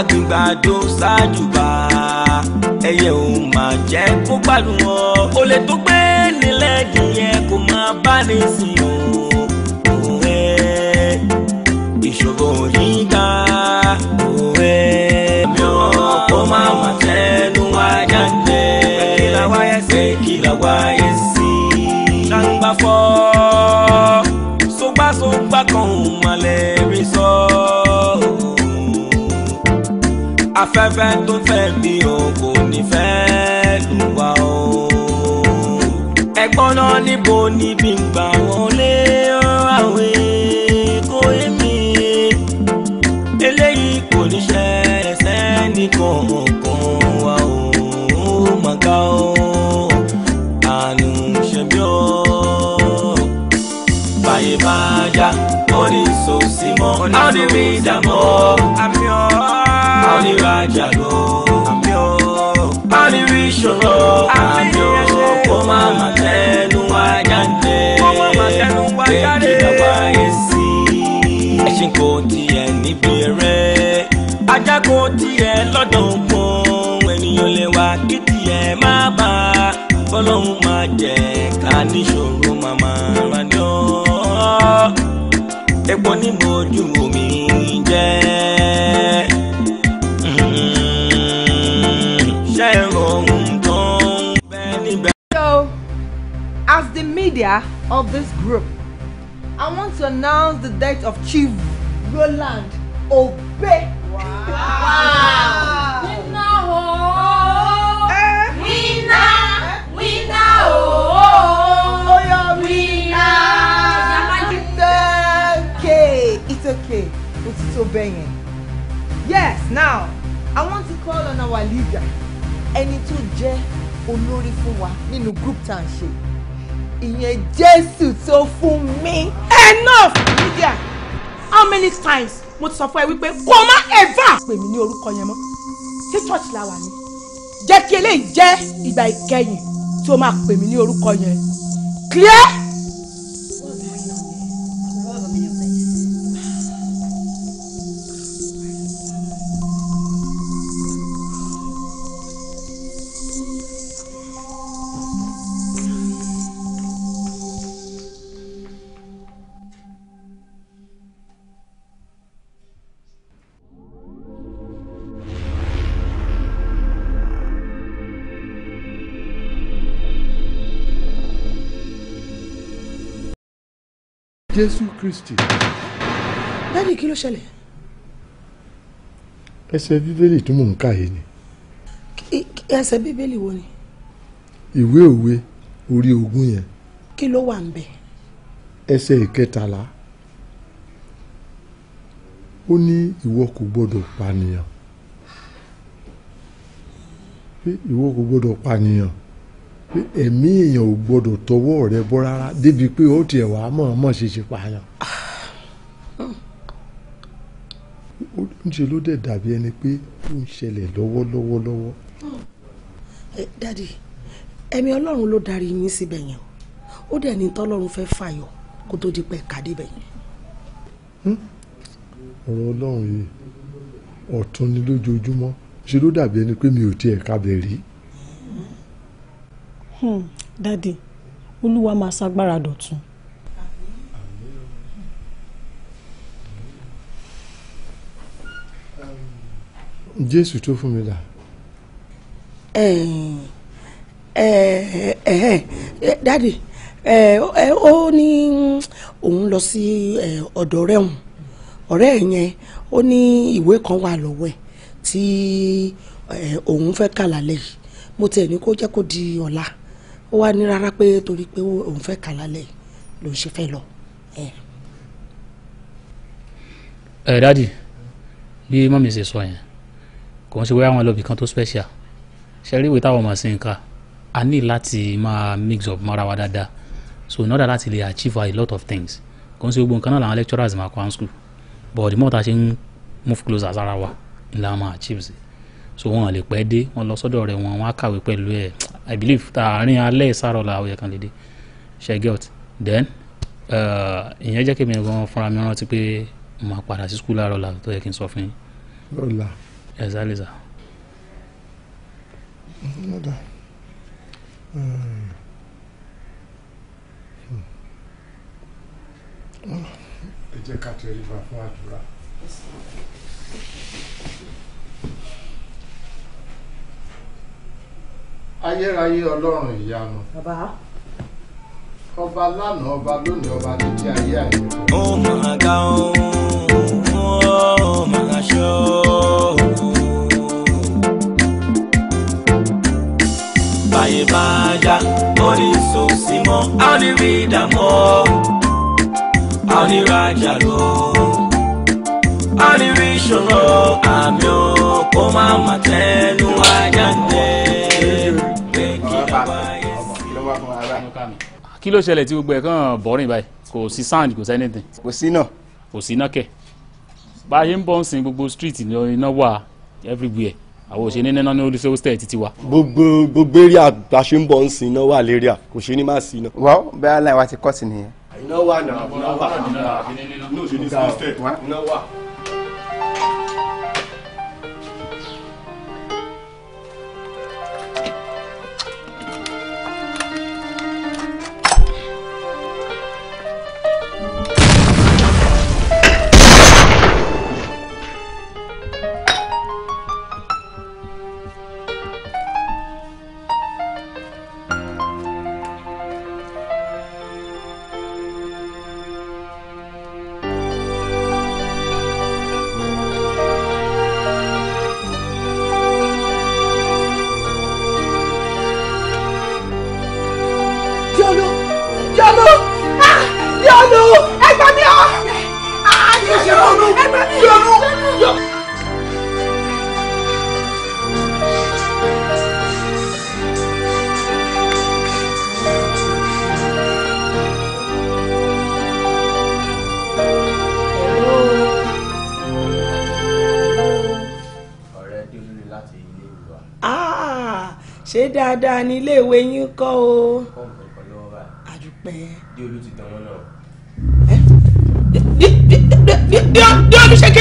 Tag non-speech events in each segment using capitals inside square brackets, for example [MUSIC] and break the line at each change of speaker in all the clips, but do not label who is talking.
àgbìgbàdo ṣáàjùbà ẹyẹ ò máa jẹ́ kó gbádùn wọn. olè tó gbé nílẹ̀ nìyẹn kò máa bá ní sìn o. ìṣòro yíká òwe mi ọkọ̀ máa wà tẹnu ajá ń lẹ̀. pé kí la wáyé sí kí wáyé sí. ṣàǹgbà fọ́ sọgbàsọgbà kan ò mà lè rí sọ. afẹ́fẹ́ tó fẹ́ mi ò kò ní fẹ́ lù wá o. ẹ̀gbọ́n náà níbo ni bí n gbà wọlé àwé kó èmi eléyìí kò ní ṣe ẹsẹ̀ nìkan kan wá o. ó mà ga o àánú ṣe bí ó. báyé bá já àní mi dàmọ́ àní rajà go. I'm your ṣòro wish you know. I'm your ajá ń tẹ èjì bàbá yẹn sí ẹṣin kò tiẹ̀ níbi rẹ̀ ajá kò tiẹ̀ lọ́dọ̀ pọ́n ènìyàn lè wá kí tiẹ̀ má bà á bọ́lọ́hún máa jẹ́ ká níṣòro màmá rà ní ọ́ epo ní mojú omi jẹ́. Mm-hmm. ṣé ẹ̀rọ ohun tó ń níbẹ̀.
So, as the media of this group, I want to announce the death of Chief Roland Obe. jésù tó fún mi. enough media how many times mo ti sọ fún ẹ wípé kó má ever pè mí ní orúkọ yẹn mọ́ ṣé church la wà ní jẹ́ kí eléyìí jẹ́ ìgbà ìkẹyìn tí o máa pè mí ní orúkọ yẹn clear.
jésù kristi.
dádì kí ló ṣẹlẹ̀.
ẹsẹ̀ bíbélì tí mò ń kà yìí ni.
ẹsẹ̀ bíbélì wo ni.
ìwé òwe orí ogún yẹn.
kí ló wà ń bẹ̀.
ẹsẹ̀ ìkẹtàlá ó ní ìwọ kò gbọdọ̀ pànìyàn ìwọ kò gbọdọ̀ pànìyàn pé ẹ̀mí èèyàn ò gbọ́dọ̀ tọwọ́ rẹ bọ́ rárá débi pé ó tiẹ̀ wàá mọ̀ ọ́n mọ̀ ṣe ṣe pààyàn. ó ń ṣe ló dẹ̀ dàbí ẹni pé ó ń ṣẹlẹ̀ lọ́wọ́lọ́wọ́ lọ́wọ́.
dadi ẹ̀mí ọlọ́run ló darí yín síbẹ̀ yẹn ó dẹ̀ ní tọ́lọ́run fẹ́ fàyọ kó tó di pẹ́ kàdé bẹ̀
ọ̀rọ̀ ọlọ́run yìí ọ̀tún ni lójoojúmọ́ ṣe ló dàbí ẹni pé mi ò tiẹ̀ kábẹ̀ rí.
Hmm.
dádì olúwa máa ṣagbára dọ̀tun.
jésù tó fún mi là.
Eh, eh, eh, dádì ó ní òun lọ sí ọ̀dọ̀ ọ̀rẹ́ òun ọ̀rẹ́ ẹ̀ yẹn ó ní ìwé kan wà lọ́wọ́ ẹ̀ tí òun fẹ́ kà lálẹ́ yìí mo tẹ̀ ní kó jẹ́ kó di ọ̀la ó wá ní rárá pé torí pé òun fẹ́ kà lálẹ́ lòun ṣe fẹ́ lọ.
ẹ dádì bí mọ́mí ṣe sọ yẹn kò ń ṣe wáyà wọn lọ bìkan tó special ṣe rí ìwé táwọn ọmọ sí nǹkan a ní láti máa mix up mọ́ra wa dáadáa so in order láti lè achieve a lot of things kò ń ṣe gbogbo nǹkan náà làwọn lecturers máa kọ́ àwọn school but the more ta ṣe ń move closer sára wa ni làwọn máa achieve sí so wọn lè pẹ́ dé wọn lọ sọ́dọ̀ rẹ̀ wọn wọn á kàwé pẹ̀lú ẹ̀ i believe àárín alẹ́ ìsàrọ̀ làwọn yẹn kan lè dé ṣe then uh, ìyẹn jẹ́ kí mi gan fúnra mi rántí pé mo máa padà sí skul àárọ̀ làwọn tó yẹ kí n sọ fún yín. lọ́la. ẹ̀sán lè
sà. ẹ jẹ́ ká tẹríba fún àdúrà. ayérayé ọlọ́run ìyanu. bàbá. ọba lánàá ọba lónìí ọba títí ayé àyè. ó
máa ga ohun fún ọ máa ṣọ́ báyé bá yá orí sòsì mọ́ a ní rí ìdààmú a ní rájà lọ a ní rí ìṣòro àmì ò kó má má tẹnu ń tẹ́.
kí ló ṣẹlẹ̀ tí gbogbo ẹ̀ kàn bọ́rìn báyìí kò sí sound kò sí anything. kò sí náà. kò sí náà kẹ̀ bá a ń bọ̀ ń sin gbogbo street iná wà everywhere àwọn òṣèré ní nínú olùsọ hostel títí wa.
gbogbo gbogbo area bá a ṣe ń bọ̀ ń sin iná wà lérí
à kò ṣe ní máa sin iná. wọ́n bẹ́ẹ̀ aláì wa ti kọ́ sí nìyẹn.
iná wà náà iná wà náà iná wà náà iná wà.
dáadáa ní iléèwé yín kọ́ o.
àdúpẹ́. bí ti dán wọn náà.
bí olú ṣe kí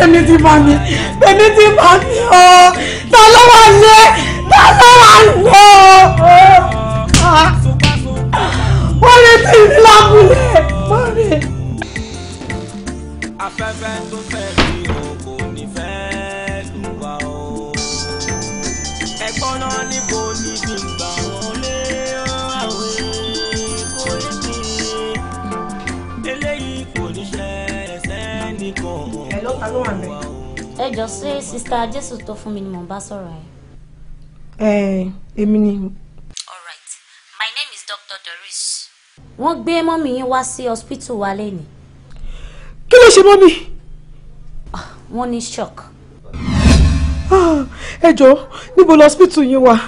tèmi ti bà mí tèmi ti bà mí o oh, ta ló wà lé
Mr. Jésù tó fún mi ni mò ń bá sọ̀rọ̀ ẹ̀. ẹ èmi ni. all right my name is Dr. Doris. wọ́n gbé mọ́mì yín wá sí hospital wa lẹ́nu. kí ló ṣe mọ́mì. Ah, wọ́n ní shock.
Ah, ẹ jọ̀ọ́ níbo lọ hospital yín wà.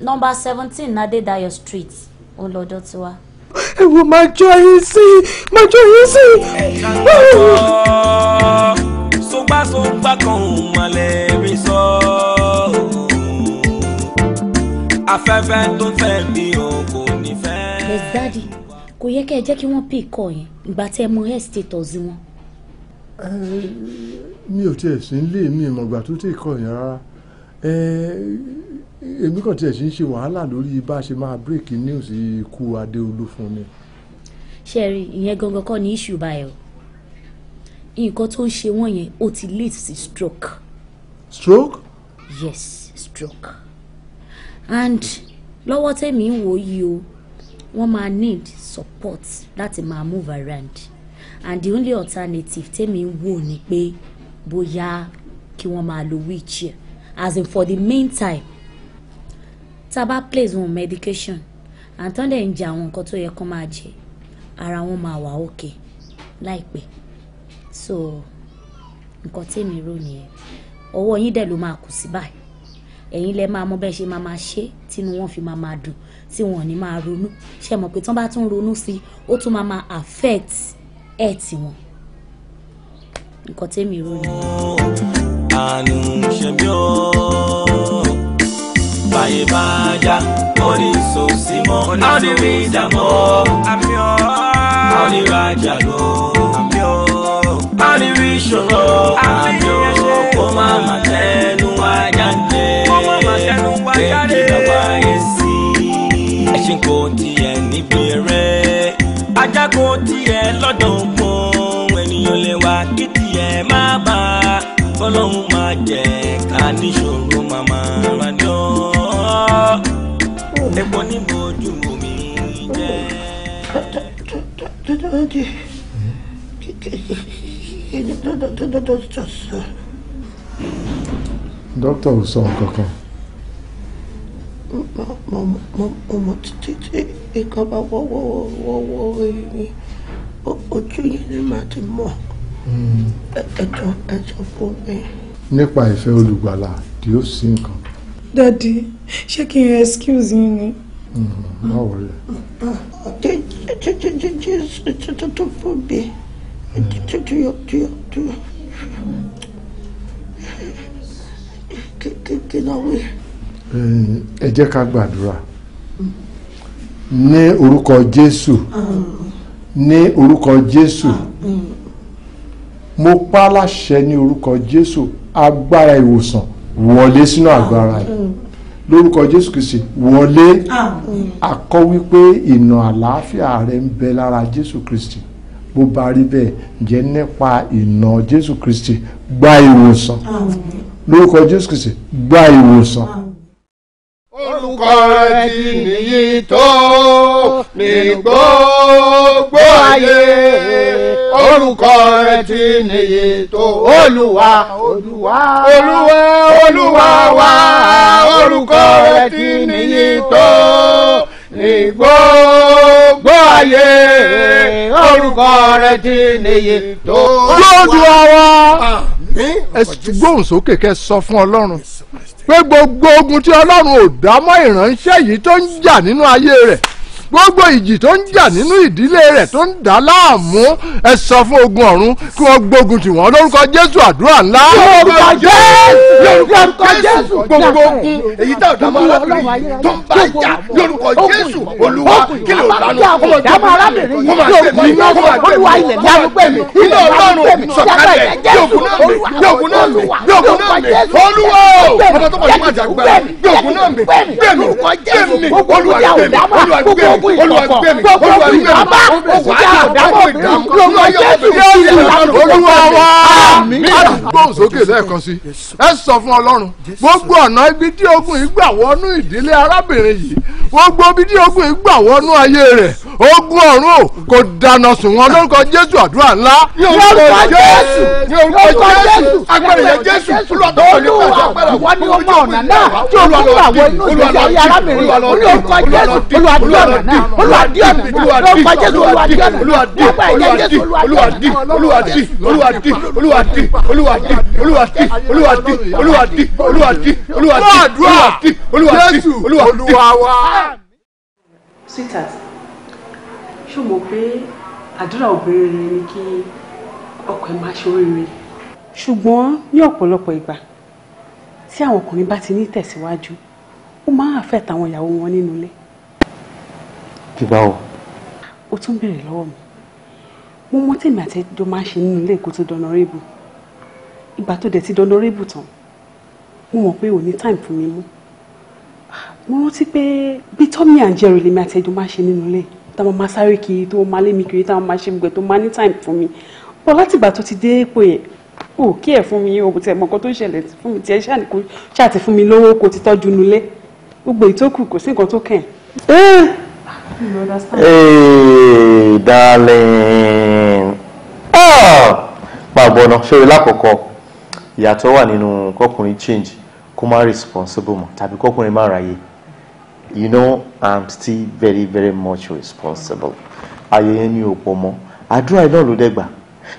nọ́mbà seventeen Nadedayo street ọlọ́dọ̀ tiwa
ẹ wò máa jọ yín sí máa jọ yín sí.
ṣùgbọ́n ṣùgbọ́n kan ò mọ̀lẹ́. afẹ́fẹ́ tó fẹ́ mi ò
kò ní fẹ́. Yes, daddy kò yẹ kẹ́ ẹ jẹ́ kí wọ́n pè kọ́ yẹn ìgbà tẹ́ ẹ mọ health status wọn.
mi ò tiẹ̀ sí nílé mi ìmọ̀gbà tó tẹ̀ kọ́ yẹn rárá èmi kàn tiẹ̀ sí ń ṣe wàhálà lórí bá a ṣe máa break news ikú Adéolú fún mi.
ṣẹ́ẹ̀rì ìyẹn gangan kọ́ ni issue báyìí o nǹkan tó ń ṣe wọ́n yẹn ó ti lead sí stroke. stroke. yes stroke and lọ́wọ́ tèmi ń wò yìí o wọ́n máa need support láti máa move around and the only alternative tèmi ń wò ni pé bóyá kí wọ́n máa lo wheelchair as in for the meantime Taba place wọn medication and dẹ̀ ń jẹ àwọn nǹkan tó yẹ kó máa jẹ ara wọn máa wà òkè láìpẹ́ so nǹkan tèmi rò nìyẹn ọwọ́ yín dẹ̀ ló máa kù sí báyìí ẹ̀yin lẹ máa mọ bẹ́ẹ̀ ṣe máa máa ṣe tínú wọn fi máa máa dùn tí wọn ò ní máa ronú ṣe mọ̀ pé tán bá tún ronú sí ó tún máa máa affect ẹ̀ tí wọn nǹkan tẹ́mi rò
àánú ṣe bí ó báyé bá já orí sòsí mọ́ orí rí ìdàmọ́ orí rájà lọ orí rí ìṣòro àmì kó má má tẹ́ wáyáde kẹ́kí bàbá èsì ẹṣin kò tiẹ̀ níbi rẹ̀ ajá kò tiẹ̀ lọ́dọ̀ pọ̀n ènìyàn lè wá kí tiẹ̀ má bà á kọ́lọ́hún máa jẹ́ ká níṣòro màmá rádìó epo níbo ojú omi
jẹ́.
Dọ́dọ̀dọ́dọ̀ dọ́dọ̀dọ́dọ̀ sọ̀sọ̀
dókítà ò sọ nǹkan kan.
mo mọ títí tí nǹkan bá wọ́wọ́wọ́wọ́ yìí ojú yìí ni màá ti mọ̀ ẹ̀jọ̀ ẹ̀jọ̀ fún mi.
nípa ìfẹ́ olùgbàlà tí ó sí nǹkan.
dadi ṣé kí n excuse yín ni.
má
wọlé.
jésù tuntun fún mi. kí ló wí.
ẹ jẹ́ ká gbàdúrà ní orúkọ Jésù ní orúkọ Jésù mo pa láṣẹ ní orúkọ Jésù agbára ìwòsàn wọlé sínú agbára yìí lórúkọ jésù kristi wọlé akọ wípé ìnà àlàáfíà rẹ ń bẹ lára jésù kristi bó bá rí bẹ́ẹ̀ jẹ́ nípa ìnà jésù kristi gba ìwòsàn lórúkọ jésù kìsì gba ìwòsàn.
olùkọ́ rẹ̀ ti nìyí tó ní gbogbo ayé olùkọ́ rẹ̀ ti nìyí tó olúwa olúwa olúwa olúwa wa olùkọ́ rẹ̀ ti nìyí tó ní gbogbo ayé orúkọ rẹ̀ ti nìyí tó. lójú ọwọ́
ẹ gbóhùn sókè kẹ́ sọ fún ọlọ́run pé gbogbo ogun tí ọlọ́run ò dámọ́ ìránṣẹ́ yìí tó ń jà nínú ayé rẹ̀ gbogbo ìjì tó ń jà nínú ìdílé rẹ̀ tó ń dà láàmú ẹ sọ fún ogun ọ̀run kí wọ́n gbógun tì wọ́n lórúkọ jésù àdúrà ńlá. lórúkọ jésù lórúkọ jésù gbogbo
ogun èyí tá ò dá máa rábìrì tó ń bá ìjà lórúkọ jésù olúwa kí ló lánà kó máa gbé mi kó máa gbé mi kó máa gbé mi olúwa ilẹ̀ ní arúgbó mi iná ọlọ́run sọ̀kalẹ̀ yóògùn náà mi yóògùn náà mi yóògùn náà mi olúwa ọ̀dọ́ tó kọ̀ ní máa jà gbà yóògùn náà mi gbẹ̀mí gbẹ̀mí olúwa gbẹ̀mí olúwa gbẹ̀mí ogun ìkọ̀kọ̀ gbogbo ìjọba òkúta àdámọ̀ lọ́mọ jésù yóò
yẹ olúwa wa. gbóhùn sókè lẹ́ẹ̀kan sí ẹ sọ fún ọlọ́run gbogbo ọ̀nà ibi tí ogun ìgbà wọnú ìdílé arábìnrin yìí gbogbo ibi tí ogun ìgbà wọnú ayé rẹ̀ ogun ọ̀run o kò dáná sùn wọn lórúkọ jésù àdúrà ńlá. lórúkọ jésù
lórúkọ jésù agbára yẹn jésù olúwa wọn ni ọmọ ọ̀nà náà tí olùwàlúwà wọ inú ìgbésí arábìnrin olùwàlúwà jésù olùwàlúwà náà olùwàdí ọ̀nà olùwàdí olùwàdí olùwàdí olùwàdí olùwàdí olùwàdí olùwàdí olùwàdí olùwàdí olùwàdí olùwàdí olùwàdí olùwàdí olùwàdí olùwàdí olùwàdí olùwàwà.
sweetheart ṣé o mọ̀ pé àdúrà obìnrin rẹ ni kí ọkọ ẹ máa ṣe oríire. ṣùgbọ́n ní ọ̀pọ̀lọpọ̀ ìgbà tí àwọn ọkùnrin bá ti ní tẹ̀síwájú ó máa ń àfẹ́ tàwọn ìyàwó wọn nínú ilé ìgbà o. o tún béèrè lọ́wọ́ mi mo mọ tèmi àti ẹjọ́ máa ń ṣe nínú ilé ìkótó dọ́nọ́rẹ́bù ìgbà tó dẹ̀ ti dọ́nọ́rẹ́bù tán mo mọ̀ pé ò ní time fún mi mú mo rántí pé bí Tommy and Jerry lèmi àti ẹjọ́ máa ń ṣe nínú ilé táwọn máa sáré kiri tó máa lé mi kiri táwọn máa ṣe gbẹ tó máa ní time fún mi bọ́ látìgbà tó ti dé èpò yẹn ò kí ẹ̀ fún mi o kò tiẹ̀ mọ̀ nǹkan tó ń ṣẹlẹ̀ fún mi tiẹ̀ ṣáà ti fún mi lówó kò ti tọ́jú nulẹ̀ gbogbo ìtókù kò sí nǹkan tó kàn eh! You
Hey, darling. Ah, máa bọ̀ náà, ṣé o lákòókò ìyàtọ̀ wà nínú kọkùnrin change kó má responsible mọ̀ tàbí kọkùnrin má ráyè. You know I'm still very very much responsible. Ayé yẹn ní òpó mọ́. Àdúrà iná ló dẹ́gbà.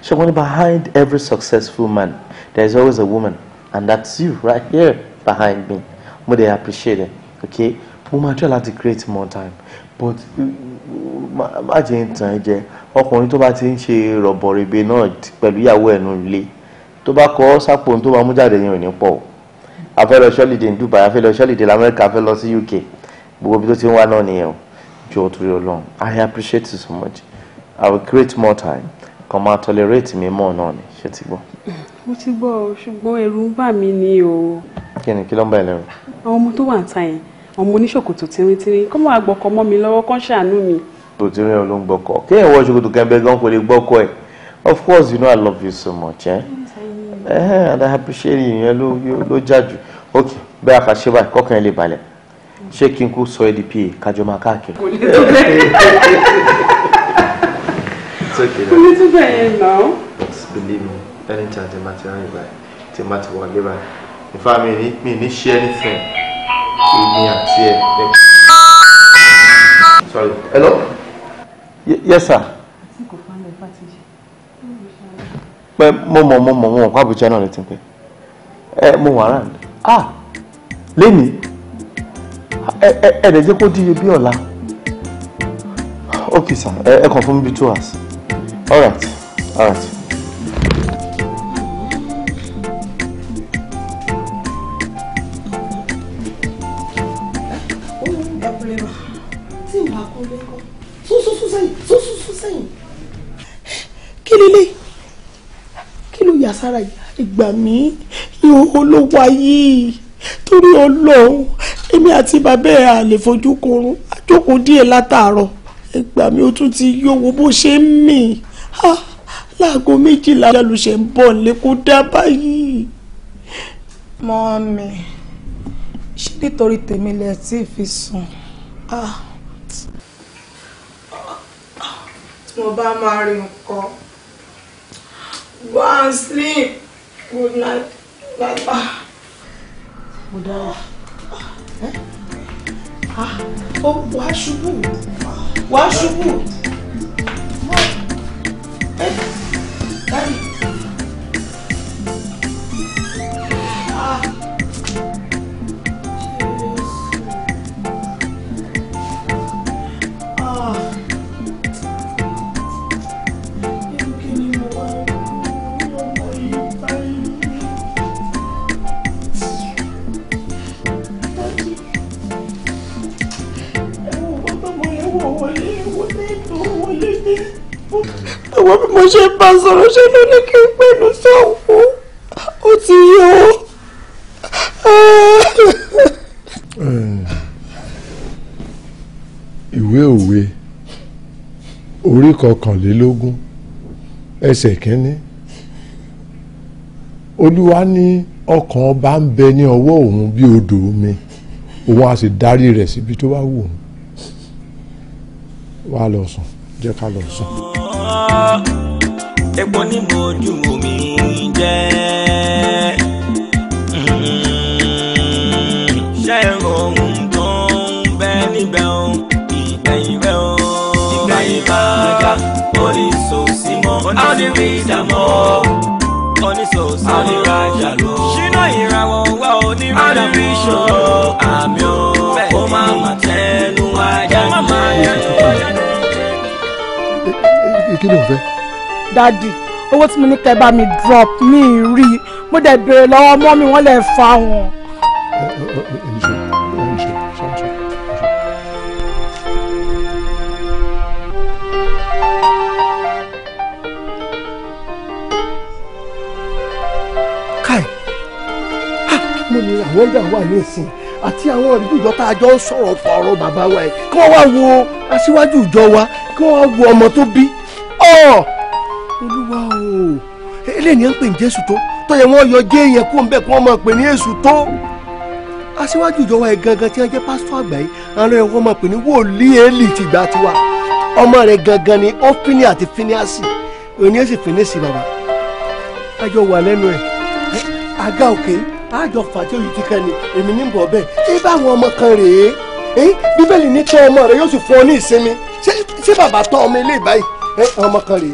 Ṣé wọ́n ní behind every successful man there is always a woman and that's you right here behind me. Mo dey appreciate it, okay? Mo máa try láti create more time but má jẹ́ ń tàn ẹ́ jẹ ọkùnrin tó bá ti ń ṣe rọ̀bọ̀rìbẹ̀ náà pẹ̀lú ìyàwó ẹ̀ nù ilé tó bá kọ́ sápò tó bá mú jáde yẹn ò ní pọ̀ a fẹ́ lọ ṣọ́lìdè ní Dubai a fẹ́ lọ ṣọ́lìdè lamẹ́ríkà a fẹ́ lọ sí UK gbogbo ibi tó ti ń wá náà nìyẹn o jọ torí Ọlọ́run I appreciate you so much I will create more time kàn máa tolerate mi mọ́ náà ni ṣe ti gbọ́.
mo ti gbọ́ ṣùgbọ́n ẹ̀rù ń bà mí ni o.
kí ni kí ló ń bá ẹ lẹ́rù.
àwọn ọmọ tó wà ń ta yẹn ọmọ oníṣòkòtò tínríntírín kọ́ máa gbọ́kọ mọ́ mi lọ́wọ́ kán ṣàánú mi.
tó ti rìn ló ń gbọ́kọ kí èèyàn wọ ṣòkòtò kẹ́ńbẹ́ gan kò lè gbọ́kọ ẹ̀ of course you know I love you so much eh? eh, and I appreciate you yẹn ló ló já jù ok bẹ́ẹ̀ ká ṣe báyìí kọ́kàn ẹ̀ lè balẹ̀ ṣé kí n kú sọ ẹ́ di pa kájọ máa káàkiri. kò lè bẹ́ẹ̀ kò
lè tó
believe me anytime tí ma ti rán ìgbà tí ma ti wọlé báyìí in mi ni mi ni ṣe anything sorry hello. yes sir. pẹ mo mọ mo mọ wọn kó Abuja náà lè ti pẹ ẹ mo wà rán ah lẹ́nìí ẹ ẹ ẹ lè jẹ́ kó di bí ọ̀la okay sir ẹ ẹ kàn fún mi bí two hours alright alright.
sára ìgbà mi ìhòòhò ló wá yìí torí ọlọ́run èmi àti bàbá ẹ̀ à lè fojú korun àjókòó díẹ̀ látàárọ̀ ìgbà mi ó tún ti yówó bó ṣe ń mì láago méjìlá lálùṣẹ̀ ń bọ̀ lẹ́kọ́ dá báyìí. mọ́mí ṣé nítorí tèmi lẹ tí ì fi sùn. tí mo bá máa rí nǹkan. Go and sleep. Good night, Baba. Mo dára. Ah, oh, Wà á ṣubú. Wà á Eh? Daddy. wọ́n bí mo ṣe bá sọ̀rọ̀ ṣe ló ní kí n pẹ̀lú sọ̀hún ó ti yọ ọ́.
Eh, ìwé òwe orí kọkànlélógún ẹsẹ̀ kínní olúwa ní ọkàn ọba ń bẹ ní ọwọ́ òun bí odò omi òun á sì darí rẹ̀ síbi tó bá wù òun wá lọ sùn jẹ́ ká lọ sùn
epo ní mojú omi jẹ́ mm-hmm. ṣe ohun tó ń bẹ níbẹ̀ o ìgbẹ̀yìn rẹ̀ o. ìgbẹ̀yìn bá ga oníṣòsímọ́ oníṣòsímọ́ oníṣòsímọ́ onírajà lọ. ṣínà ìràwọ̀ wá onírajà lọ. àdàbí ìṣòro àmì o ó máa mà tẹ́.
kí ló ń fẹ́. dadi owó tí mo ní kẹ́ bá mi drop mi rí i mo dẹ̀ béèrè lọ́wọ́ mọ́ mi wọ́n lè fa wọn. káì mo ní àwọn
ẹgbẹ́ wà ní ìsìn àti àwọn ìdíjọ tá a jọ ń sọ̀rọ̀ fọ̀rọ̀ bàbá wa yìí kí wọ́n wá wo aṣíwájú ìjọ wa kí wọ́n wá wo ọmọ tó bí ọ olúwa o eléyìí ń pè ní jésù tó tó yẹ wọn yọ jé yẹn kó bẹ kó wọn máa pè ní èṣù tó aṣíwájú ìjọba ẹ gangan tí wọn jẹ pásítọ̀ àgbà yìí àwọn ẹ máa pè ní wòlíì tiwa ọmọ rẹ gangan ni ó ati àti òní àjọ wà lẹ́nu àga òkè àjọ ti kàn ní èmi ní bọ̀ bẹ́ẹ̀ ṣé ọmọ kan rèé bíbélì ní tọ́ ọmọ rẹ yóò sì fún ọ ní ìsinmi ṣé bàbá tọ́ ọmọ ilé ìbáyìí ọmọ kan rèé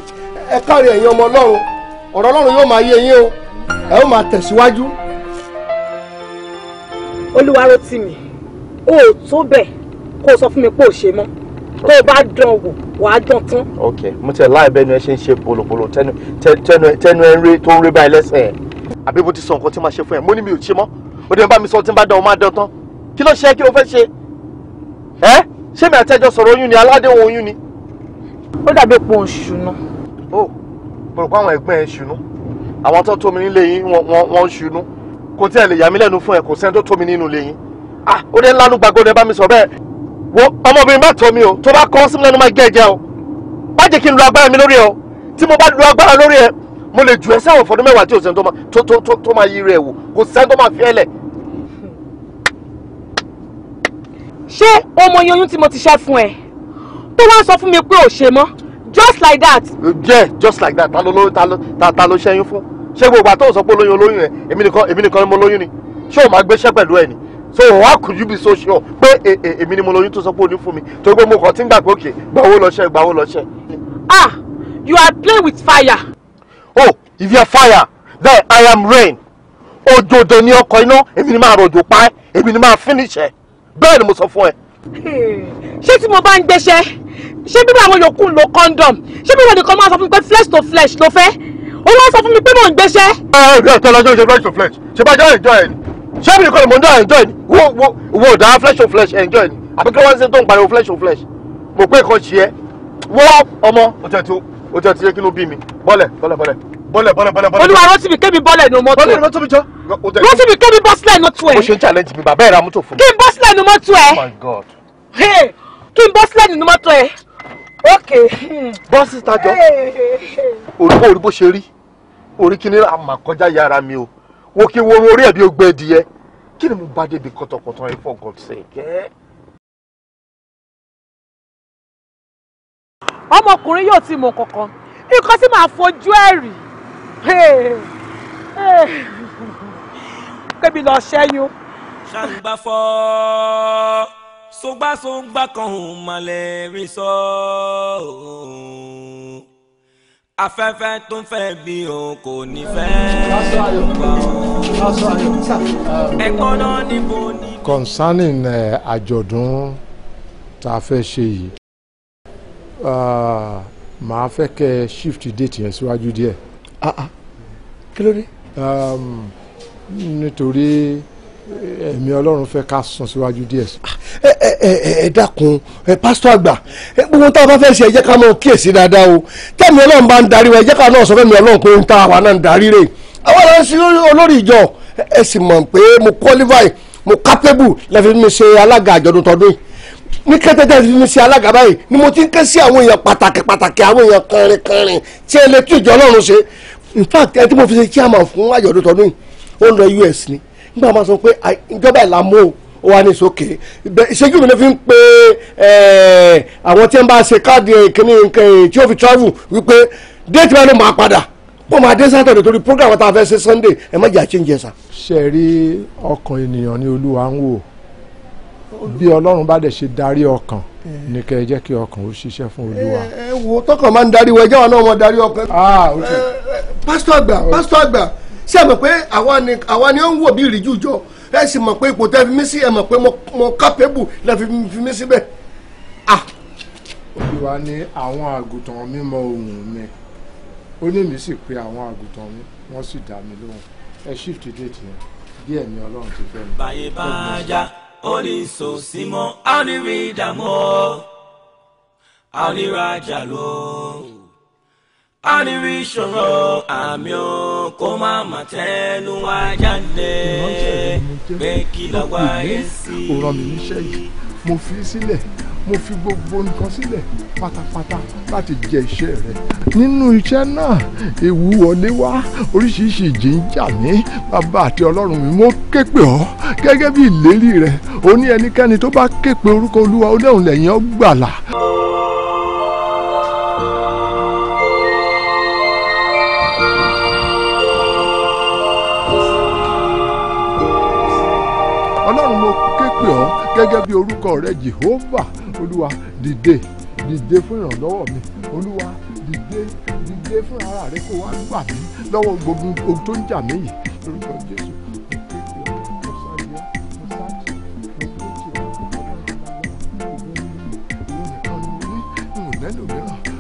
ẹ káre ẹ̀yin ọmọ ọlọ́run ọ̀rọ̀ ọlọ́run yóò máa yé yín o ẹ ó máa tẹ̀síwájú.
Olúwarótìmí o ò tó bẹ́ẹ̀ kó o sọ fún mi pé ò ṣe mọ́
tó o bá dán wò wàá dán tán. ok mo tẹ láì bẹ́ẹ̀ ẹ ṣe ń ṣe polopolo tẹnu ẹ ń rí tó ń rí báyìí lẹ́sẹ̀ ẹ̀
àbí mo ti sọ nǹkan tí màá ṣe fún ẹ mo ní mi ò ṣe mọ́ o dẹ̀ bá mi sọ tí n bá dán o máa dán tán kí ló ṣe kí ló fẹ́ ṣe ẹ ṣé mi àtẹ́jọ́ sọ̀rọ̀ oyún ni aládéhùn oyún
ni ó dàbí pé òun ṣùnú.
ó oh, mo rò pé àwọn ẹ̀gbọ́n ẹ̀ ṣùnú àwọn tó tómi nílé yín wọ́n ń ṣùnú kò tí ẹ̀ lè yà mí lẹ́nu fún ẹ̀ kò sẹ́ni tó tómi nínú ilé yín ah ó dé ńlá lùgbàgbọ́ ni ẹ bá mi sọ bẹ́ẹ̀ wo ọmọbìnrin má tọ́ mi o tó bá kọ́ sí mi lẹ́nu máa gé ẹ jẹ o má jẹ́ kí n lu agbára mi lórí ẹ o tí mo bá lu agbára lórí ẹ mo lè jù ẹ sẹ́wọ̀n fọdún mẹ́wàá tí òsèǹtó tó tó tó máa yí rẹ wò kò sẹ́ni tó máa fi ẹ lẹ̀. ṣé o mọ tí mo ti ṣẹ́ fún ẹ tó wá sọ fún mi pé ò ṣe mọ́ just like that. yeah just like that ta ló lóyún ta ló ta ló ṣẹ́yún fún ṣé gbogbo àtọ́wò sọ pé olóyún olóyún rẹ èmi nìkan èmi nìkan ni mo lóyún ni ṣé o máa gbéṣẹ́ pẹ̀lú ẹ ni so how could you be so sure pé eh, eh, èmi ni mo lóyún tó sọ pé o ní fún mi tó gbé mo kàn tí ń gbà pé òkè gbà lọ́ṣẹ́ gbà lọ́ṣẹ́. ah you are playing with fire. oh if you are fire then i am rain òjòjò ni ọkọ̀ iná èmi ni máa rọ̀jò pa ẹ́ èmi ni máa finish ẹ bẹ́ẹ̀ ni mo sọ fún ẹ ṣé tí mo bá ń gbéṣẹ́
ṣé bíbá àwọn yòókù ń lo condom ṣé bíbá nìkan máa sọ fún mi pé flesh to flesh ló fẹ́ ó wá sọ fún mi pé mò ń gbéṣẹ́. ẹ ẹ bí ọ̀tọ́ lọ́jọ́ ṣe flesh to flesh ṣe bá jọ ẹ̀jọ́ ẹ̀ ni ṣé bí nìkan ni mò
ń dá ẹ̀jọ́ ẹ̀ ni wo wo wo dá flesh to flesh ẹ̀jọ́ ẹ̀ ni àbí kí wọ́n ń ṣe tó ń pariwo flesh to flesh mo pé nǹkan ṣe é wọ́ ọmọ òtẹ́tù òtẹ́tù yẹ kí ló bí mi bọ́lẹ̀ bọ́lẹ̀ bọ́lẹ̀ bọ́lẹ̀ bọ́lẹ̀ bọ́lẹ̀ bọ́lẹ̀. olúwa rọ́tìmí kémi bọ́lẹ̀ ní mọ́tò. bọ́lẹ̀ mọ́tò mi jọ. rọ́tìmí kémi bọ́ sílẹ̀ ní mọ́tò ẹ̀. o ṣe ń challenge mi bàbá ẹ̀ ra mọ́tò fún mi. kí
n bọ́ sílẹ̀ ní mọ́tò ẹ̀. oh my god. kí n bọ́ sílẹ̀ ní mọ́tò ẹ̀. ok. bọ́sì tajọ
orúkọ orí bó ṣe rí orí kí ni a máa kọjá yàrá mi o wo kí wo orí ẹ̀ bí ó gbẹ adìyẹ kí ni mo
bá débi kọ́tọ̀kọ́tọ̀ ẹ̀ for God's sake.
ọmọkùnrin yóò ti mọ kankan nǹkan tí màá fojú ẹ̀ rí kébi lọ ṣẹ́yún.
ṣàǹgbàfọ́ sọgbàsọgbà kan ò mọ̀lẹ́ rí sọ afẹ́fẹ́ tó ń fẹ́ bí òun kò ní fẹ́ ẹ̀kọ́ náà
níbo
ni. concerning eh, àjọ̀dún tá a fẹ́ ṣe yìí ah, màá fẹ́ kẹ́ shift date yẹn síwájú díẹ̀. Ah, ah. kí ló dé. Um, nítorí eh, ẹ̀mí ọlọ́run fẹ́ ká sùn síwájú díẹ̀ sí. Ah,
ẹ ẹ ẹ dákun ẹ pásítọ̀ àgbà gbogbo tá a bá fẹ́ ṣe ẹ jẹ́ ká mọ̀ kíyèsí dáadáa o tẹ́mi ọlọ́run bá ń darí wa ẹ jẹ́ ká náà sọ fẹ́mi ọlọ́run pé ń ta àwa náà ń darí rẹ̀ àwọn ọ̀rọ̀ sí olórí ìjọ ẹ sì mọ̀ pé mo qualify mo capable lẹ́fẹ̀ẹ́ mi ṣe alága àjọ̀dún tọdún yìí ní kẹ́tẹ́tẹ́ ti mi ṣe alága báyìí ni mo ti ń ké sí àwọn èèyàn pàtàkì pàtàkì àwọn èèyàn kẹrin kẹrin tí ẹ lè tún ìjọ ọlọ́run ṣe in fact ẹ tí mo fi ṣe chairman fún àjọ̀dún tọdún yìí ó ń lọ US ni nígbà máa sọ pé ìjọba ìlàmú ó wà ní ìsókè ìṣẹ́jú mi ló fi ń pe àwọn tí ń bá ṣe káàdì ìkíní eh, eh, tí ó fi travel wípé déètì wa ló máa padà ó máa dé sátọ̀dẹ̀ torí program tá a fẹ́ ṣe Sunday ẹ má jẹ́ àchíǹjẹ sà.
ṣe rí ọkàn ènìyàn ní olúwa ń wò bí ọlọ́run bá dẹ̀ ṣe darí ọkàn ní kẹ́ ẹ jẹ́ kí ọkàn ó ṣiṣẹ́ fún olúwa.
ẹ wo tọkàn máa ń darí wa ẹjẹ wa náà mọ darí ọkàn. Ah, pásítọ̀ àgbà pásítọ̀ àgbà ṣé ẹ mọ̀ pé àwa ni ó ń wò bí ìrìjú jọ ẹ sì mọ̀ pé ipò tẹ́ fi mí sí ẹ mọ̀ pé mo kápẹ́bù lẹ́ fi mí síbẹ̀. Ah.
olúwa ní àwọn àgùntàn mi mọ ohùn mi ó ní mi sì pé àwọn àgùntàn mi wọ́n sì dá mi lóhùn ẹ ṣífìtì déètì yẹn bí ẹ̀mí ọlọ́run ti fẹ́ mi. báyé bá
já oníṣòsímọ́ ànírìndàmọ́ ànírajà lọ ànírìṣòro àmì ò kó má má tẹnu wá jáde pé kí
lọ́wọ́ ayé sí i. ó rán mi níṣẹ́ yìí mo fi í mo fi gbogbo nǹkan sílẹ̀ pátápátá láti jẹ iṣẹ́ rẹ̀ nínú iṣẹ́ náà ewu wọlé wá oríṣiríṣi ìjì ń jà mí bàbá àti ọlọ́run mi mo ké pè ọ́ gẹ́gẹ́ bí ìlérí rẹ̀ ó ní ẹnikẹ́ni tó bá ké pe orúkọ olúwa ó lẹ́hùn lẹ́yìn ó gbàlà. gẹ́gẹ́ bí orúkọ rẹ Jehovah olúwa dìde dìde fún ìrànlọ́wọ́ mi olúwa dìde dìde fún ara rẹ kó wá gbà mí lọ́wọ́ gbogbo ohun tó ń jà mí yìí lórúkọ Jésù.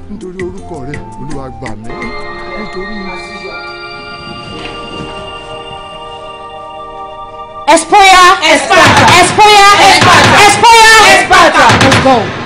nítorí orúkọ rẹ olúwa gbà mí
nítorí.
Espoya. Espata. Espoya. Espata. Espoya. Espata. Let's go.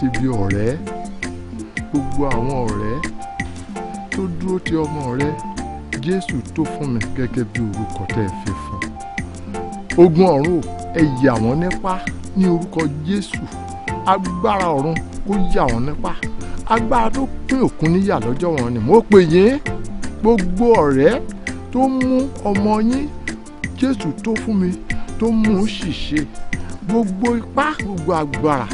tẹbi ọ̀rẹ́ gbogbo àwọn ọ̀rẹ́ tó dúró ti ọmọ rẹ Jésù tó fún mi gẹ́gẹ́ bí orúkọ tẹ́ ẹ fi fún ogun ọ̀run ẹ yà wọ́n nípa ní orúkọ Jésù agbára ọ̀run kó yà wọ́n nípa agbára tó pín òkun níyà lọ́jọ́ wọn ni mo pè yín gbogbo ọ̀rẹ́ tó mú ọmọ yín Jésù tó fún mi tó mú un ṣìṣe gbogbo ipá gbogbo agbára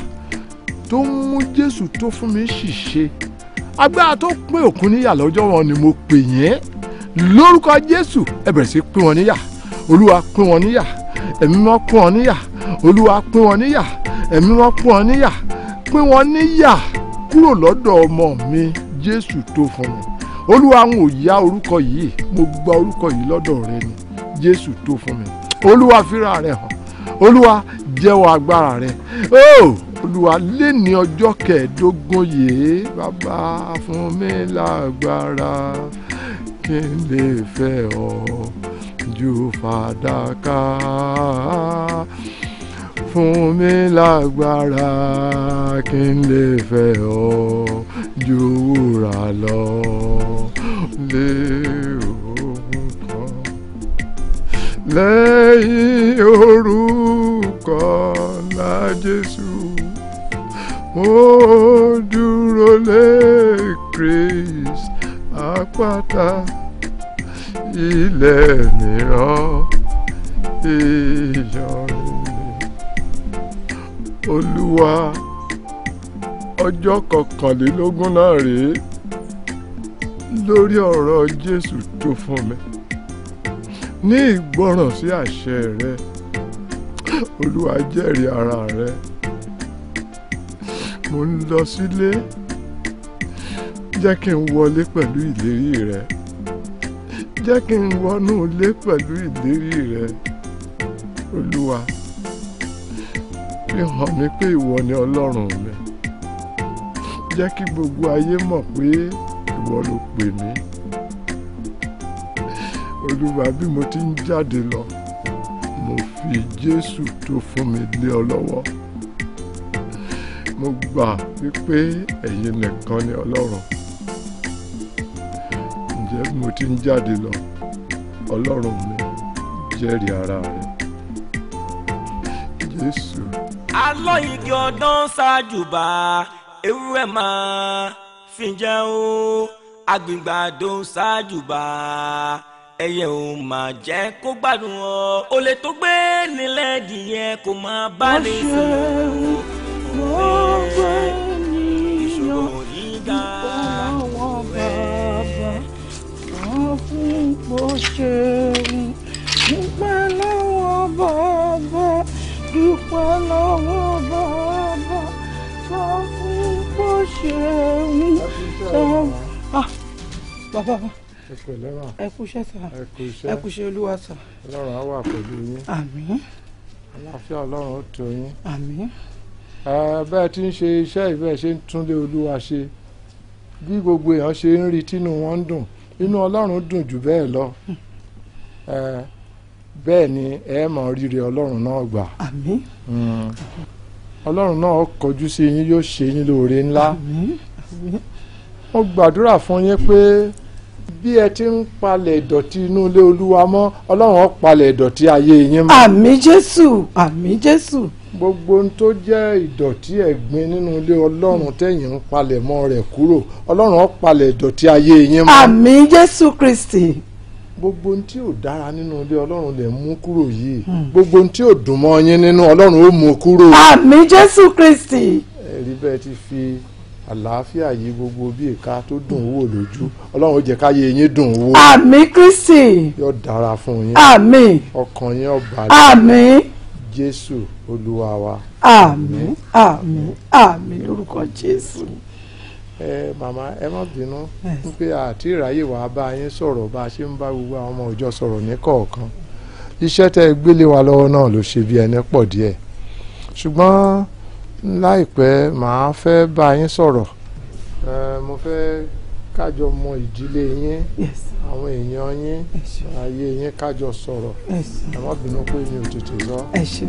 tó ń mú jésù tó fún mi ṣìṣe agbára tó pín òkun níyà lọ́jọ́ wọn ni mo pè yẹn lórúkọ jésù ẹ bẹ̀rẹ̀ sí pín wọn níyà olúwa pín wọn níyà ẹ̀mí mímọ́ pín wọn níyà olúwa pín wọn níyà ẹ̀mí mímọ́ pín wọn níyà pín wọn níyà kúrò lọ́dọ̀ ọmọ mi jésù tó fún mi olúwa ń ò orúkọ yìí mo gba orúkọ yìí lọ́dọ̀ rẹ ni jésù tó fún mi olúwa fira rẹ hàn olúwa jẹ́wọ́ agbára rẹ. Oh! olúwa lé ní ọjọ́ kẹẹ̀ẹ́dógún yìí bàbá fún mi lágbára kí n lè fẹ́ ọ ju fàdákà fún mi lágbára kí n lè fẹ́ ọ ju wúrà lọ lé orúkọ lẹ́yìn orúkọ ńlá Jésù. ó dúró lé Kristi àpáta ilẹ̀ mìíràn ìyọrin olúwa ọjọ́ kọkànlélógún náà rèé lórí ọ̀rọ̀ Jésù tó fún mi ní ìgbọràn sí àṣẹ rẹ olúwa jẹ́rìí ara rẹ. mo ń lọ sílé jẹ́ kí n wọlé pẹ̀lú ìlérí rẹ jẹ́ kí n wọnú ilé pẹ̀lú ìlérí rẹ olúwa fi hàn mí pé ìwọ ni ọlọ́run mi jẹ́ kí gbogbo ayé mọ̀ pé ìwọ ló pè mí olúwa bí mo ti ń jáde lọ mo fi jésù tó fún mi lé ọ lọ́wọ́ mo gbà wípé ẹ̀yin nìkan ni ọlọ́run ǹjẹ́ mo ti ń jáde lọ ọlọ́run mi jẹ́rìí ara rẹ̀ jésù.
alọ́ igi ọdán ṣáájú bá ewúrẹ́ máa fi jẹ́ o agbègbàdo ṣáájú bá ẹyẹ ò máa jẹ́ kó gbádùn ọ olè tó gbé nílẹ̀ dìyẹ kó máa bá ní sùn
gbogbo
ẹ kú iṣẹ́ sà
ẹ kú iṣẹ́ olúwa sà. ọlọ́run á wà pẹ̀lú yín àmín àlàáfíà ọlọ́run ó tó yín àmín bẹ́ẹ̀ tí ń ṣe iṣẹ́ ìbẹ́ẹ̀ ṣe ń túnlé olúwa ṣe bí gbogbo èèyàn ṣe ń rí tínú wọn ń dùn inú ọlọ́run dùn jù bẹ́ẹ̀ lọ bẹ́ẹ̀ ni ẹ mọ̀ rírẹ ọlọ́run náà gbà àmín hmm. ọlọ́run náà kọjú sí yín yóò ṣe yín lóore ńlá àmín mo gbàdúrà fún yín pé bí ẹ ti ń palẹ̀ ìdọ̀tí inú ilé olúwa mọ́ ọlọ́run ó palẹ̀ ìdọ̀tí ayé yín mọ́ àmín jésù àmín jésù gbogbo ohun tó jẹ́ ìdọ̀tí ẹ̀gbin nínú ilé ọlọ́run tẹ̀yìn ń palẹ̀mọ́ rẹ̀ kúrò ọlọ́run ó palẹ̀ ìdọ̀tí ayé yín mọ́. àmín jésù kristi. gbogbo ohun tí ò dára nínú ilé ọlọ́run lè mú kúrò yìí hmm. gbogbo ohun tí ò dùn mọ́ yín nínú ọlọ́run ó mú kúrò. àmín jésù kristi. ẹ̀rí bẹ́ẹ̀ ti fi àlàáfíà yìí gbogbo bí ìka tó dùn wò lójú ọlọ́run ó jẹ́ káyé yín dùn wò. àmín kristi. yóò dára fún yín. àmín. ọkàn yín ó balẹ̀. àmín jésù olúwa wa. àmín
àmín àmín lórúkọ
jésù. ẹ màmá ẹ má bínú pé àti ìráyè wà bá yín sọ̀rọ̀ bá a ṣe ń bá gbogbo àwọn ọmọ ìjọ sọ̀rọ̀ ní kọ̀ọ̀kan iṣẹ́ tẹ́ ẹ gbélé wa lọ́wọ́ náà ló ṣe bí ẹni pọ̀ díẹ̀ ṣùgbọ́n láìpẹ́ màá fẹ́ bá yín sọ̀rọ̀ mo fẹ́ kájọ mọ ìdílé yín àwọn èèyàn yín ààyè yín kájọ sọ̀rọ̀ ẹ má bínú pé mi lọ. ẹ
ṣe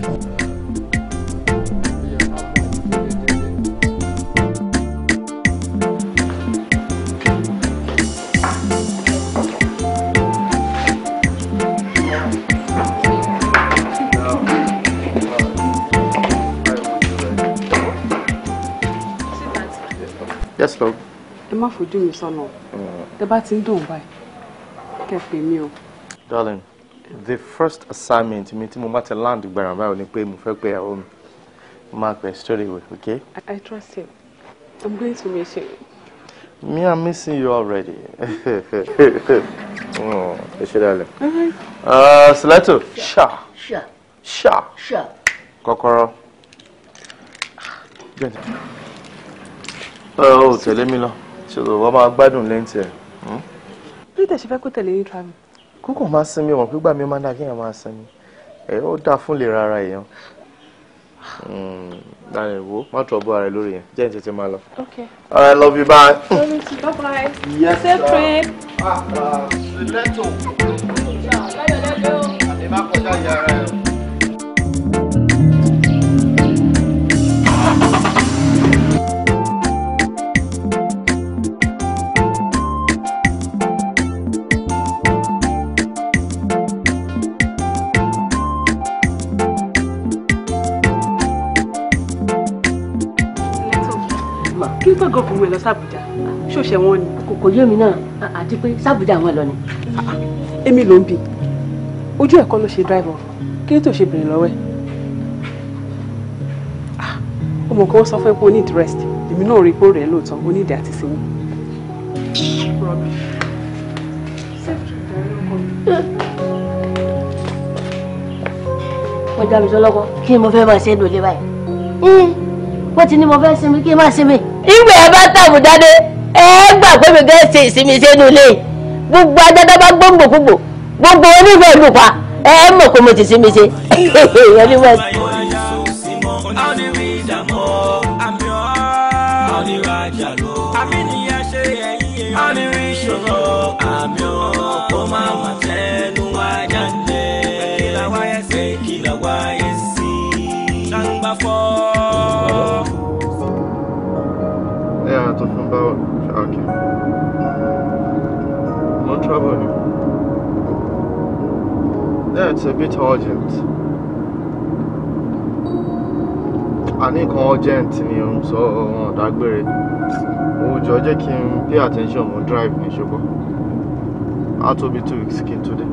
má fojú mi sọnà tẹ bá ti ń dùn báyìí kẹ pè mí o.
darling the first assignment mi tí mo bá ti land gbàrà báyìí ni pé mo fẹ́ pé ìyàwó mi máa pẹ̀ straight away okay.
I, trust you I'm going to miss you.
Me, I'm missing you already. [LAUGHS] oh, darling. Mm-hmm. Uh, Stiletto. Sha.
Sha. Sha. Sha.
Kọ́kọ́rọ́. Oh, tẹ̀lé mi lọ so wọ́n máa gbádùn lẹ́yìn tiẹ̀. Hmm?
bí tẹ̀ ṣe fẹ́ kó tẹ̀lé yín travel. kókò máa
sinmi ọmọ pípa mi máa ń dá kéèyàn máa sinmi ẹ ó dáa fún ìlera ara èèyàn. Hmm, dani wo má tọ́ bọ́ ara ẹ lórí yẹn jẹ́ ní tètè máa lọ. okay. all right love you bye. Bye. you too ah, ah, bye
bye. yes sir. ṣe lẹ́tọ̀ọ́. ṣe lẹ́tọ̀ọ́.
ṣe lẹ́tọ̀ọ́.
àti má kọjá yàrá ẹ.
nǹkan kò wẹ̀ lọ sàbújá ṣòṣẹ wọn ni. kòkò yé mi náà ah, ah, àti pé sàbújá wọn lọ ni. Ah, èmi ló ń bi ojú ẹ̀kọ́ ló ṣe drive off kí ló tó ṣe bèrè lọ́wọ́ ẹ̀. ọmọ kan sọ fún ẹ pé o ní interest èmi náà rí i pé ó rẹ̀ ẹ́ lóòótọ́ o ní ìdí àti sinmi.
wọ́n dá mi sọ́lọ́kọ́ kí ni mo fẹ́ máa ṣe é lò báyìí hmm, wọ́n ti ní mo fẹ́ sinmi kí n máa sinmi ìwé ẹ bá tààmù jáde ẹ gbà pé mi gẹ́gẹ́ ṣe ìsinmi sínú ilé gbogbo adájọ́ bá gbóngbòkúgbò gbogbo onígbà ìlú pa ẹ mọ̀ pé mo ti sinmi ṣe [LAUGHS] ẹ ní wẹ́ẹ̀sì.
power. Okay. No trouble. That's a bit urgent. àní kan urgent ni òun sọ ọ̀hún ọ̀dágbére òun jọ jẹ́ kí n pay attention mo drive ní ṣùgbọ́n á tó bí two weeks kí n tó dé.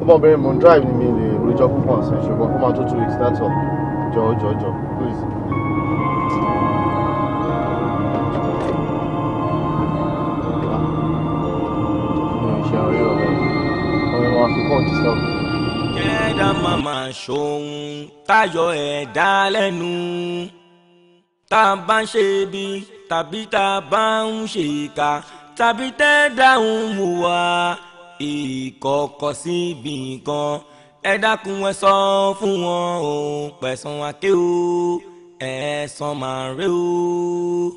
ọmọbìnrin mo drive ni mi lè rojọ́ púpọ̀ sí ṣùgbọ́n ó máa tó two weeks that's all jọ̀ọ́ jọ̀ọ́ jọ̀ọ́ please kẹ́dá
màmá ṣòun táyọ̀ ẹ̀dá lẹ́nu tá a bá ń ṣe bí tàbí tá a bá ń ṣe ìka tàbí tẹ́ dáhùn hùwà ìkọ̀kọ̀ síbi nǹkan ẹ dákun ẹ sọ fún wọn ò pẹ̀sùn àké o. ẹ̀ẹ́sán máa
rẹ o.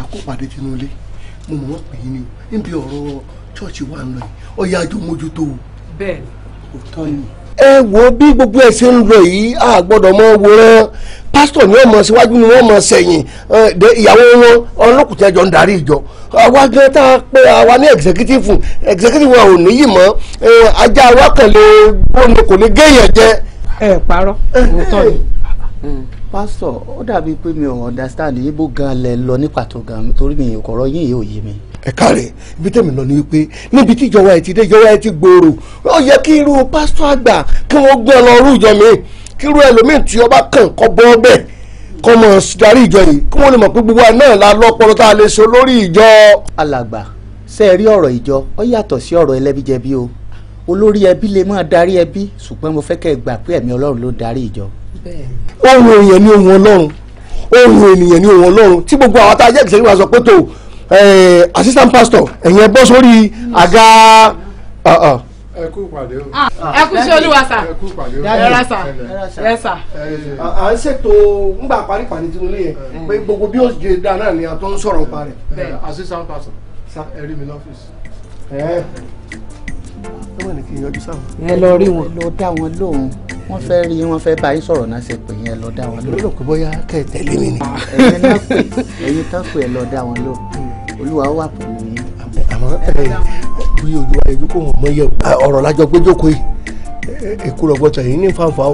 àkópàdé tinúlé mo mọ̀ wọ́n pè é ní o
níbi ọ̀rọ̀ ṣọ́ọ̀ṣì wa lọ yìí ọ̀yá àjọ mójútó o. bẹ́ẹ̀ni ni. ẹ wo bí gbogbo ẹ ṣe ń lọ yìí a gbọdọ mọ wòran pásítọ̀ ni síwájú ni jọ ń darí ìjọ tá a pé ní ẹ̀gẹ́sẹ̀kítìfù wa ò ajá wa kàn
pásítọ̀ ó dàbí
pé mi ò understand ibo gan lẹ lọ ní pàtó gan torí mi ìkọ̀rọ̀ yín yìí ò yé mi. ẹ káre ibi tẹ̀mí lọ ni wípé níbi tí ìjọba ẹ̀ ti dé ìjọba ẹ̀ ti gbòòrò ó yẹ kí irú pásítọ̀ àgbà kí wọ́n gbé ọ lọ rú ìjọ mi kí irú ẹlòmíì tí ọba kàn kọ́ bọ́ bẹ́ẹ̀ kọ́ mọ̀ darí ìjọ yìí kí wọ́n lè mọ̀ pé gbogbo àná la lọ́pọ̀lọ́ tá a lè so lórí ìjọ. alàgbà ṣe é rí ọ̀rọ̀ ìjọ ó yàtọ̀ sí ọ̀rọ̀ ẹlẹ́bíjẹbí o olórí ẹbí lè máa darí ẹbí ṣùgbọ́n mo fẹ́ kẹ́ ẹ gbà pé ẹ̀mí ọlọ́run ló darí ìjọ. ohun èèyàn ni ohun ọlọ́run ohun ènìyàn ni ohun ọlọ́run tí gbogbo àwọn tá a jẹ́ ìṣẹ́yìn wa sọ pé tó assistant pastor ẹ̀yin ẹ bọ́ sórí àga ah, ah. ẹ kú
pàdé o. Ah, ẹ kú sí olúwa
sà ẹ rà sà ẹ sà. à ń ṣètò ńgbà paríparí tí mo lè yẹn mm. pé gbogbo bí òṣìṣẹ́ dáná ni a tó ń sọ̀rọ̀ nípa assistant pastor ẹ rí mi lọ́fíìsì ẹ wọ́n ní kí lọ rí wọn. lọ dá wọn lóhùn wọ́n fẹ́ rí wọ́n fẹ́ bá yín sọ̀rọ̀ náà ṣe pé yẹn lọ dá wọn lóhùn. olóòkú bóyá kẹ ẹ tẹ̀lé mi ni. Ah, ẹ̀yin tán pè ẹ lọ dá wọn lóhùn olúwa wà pẹ̀lú yín. àmọ́ ẹ bí ojú wa ẹjú kò wọ́n mọ iye ọ̀rọ̀ lájọ pé jókòó yìí èkó lọ gbọ́tọ̀ yìí ní fanfa o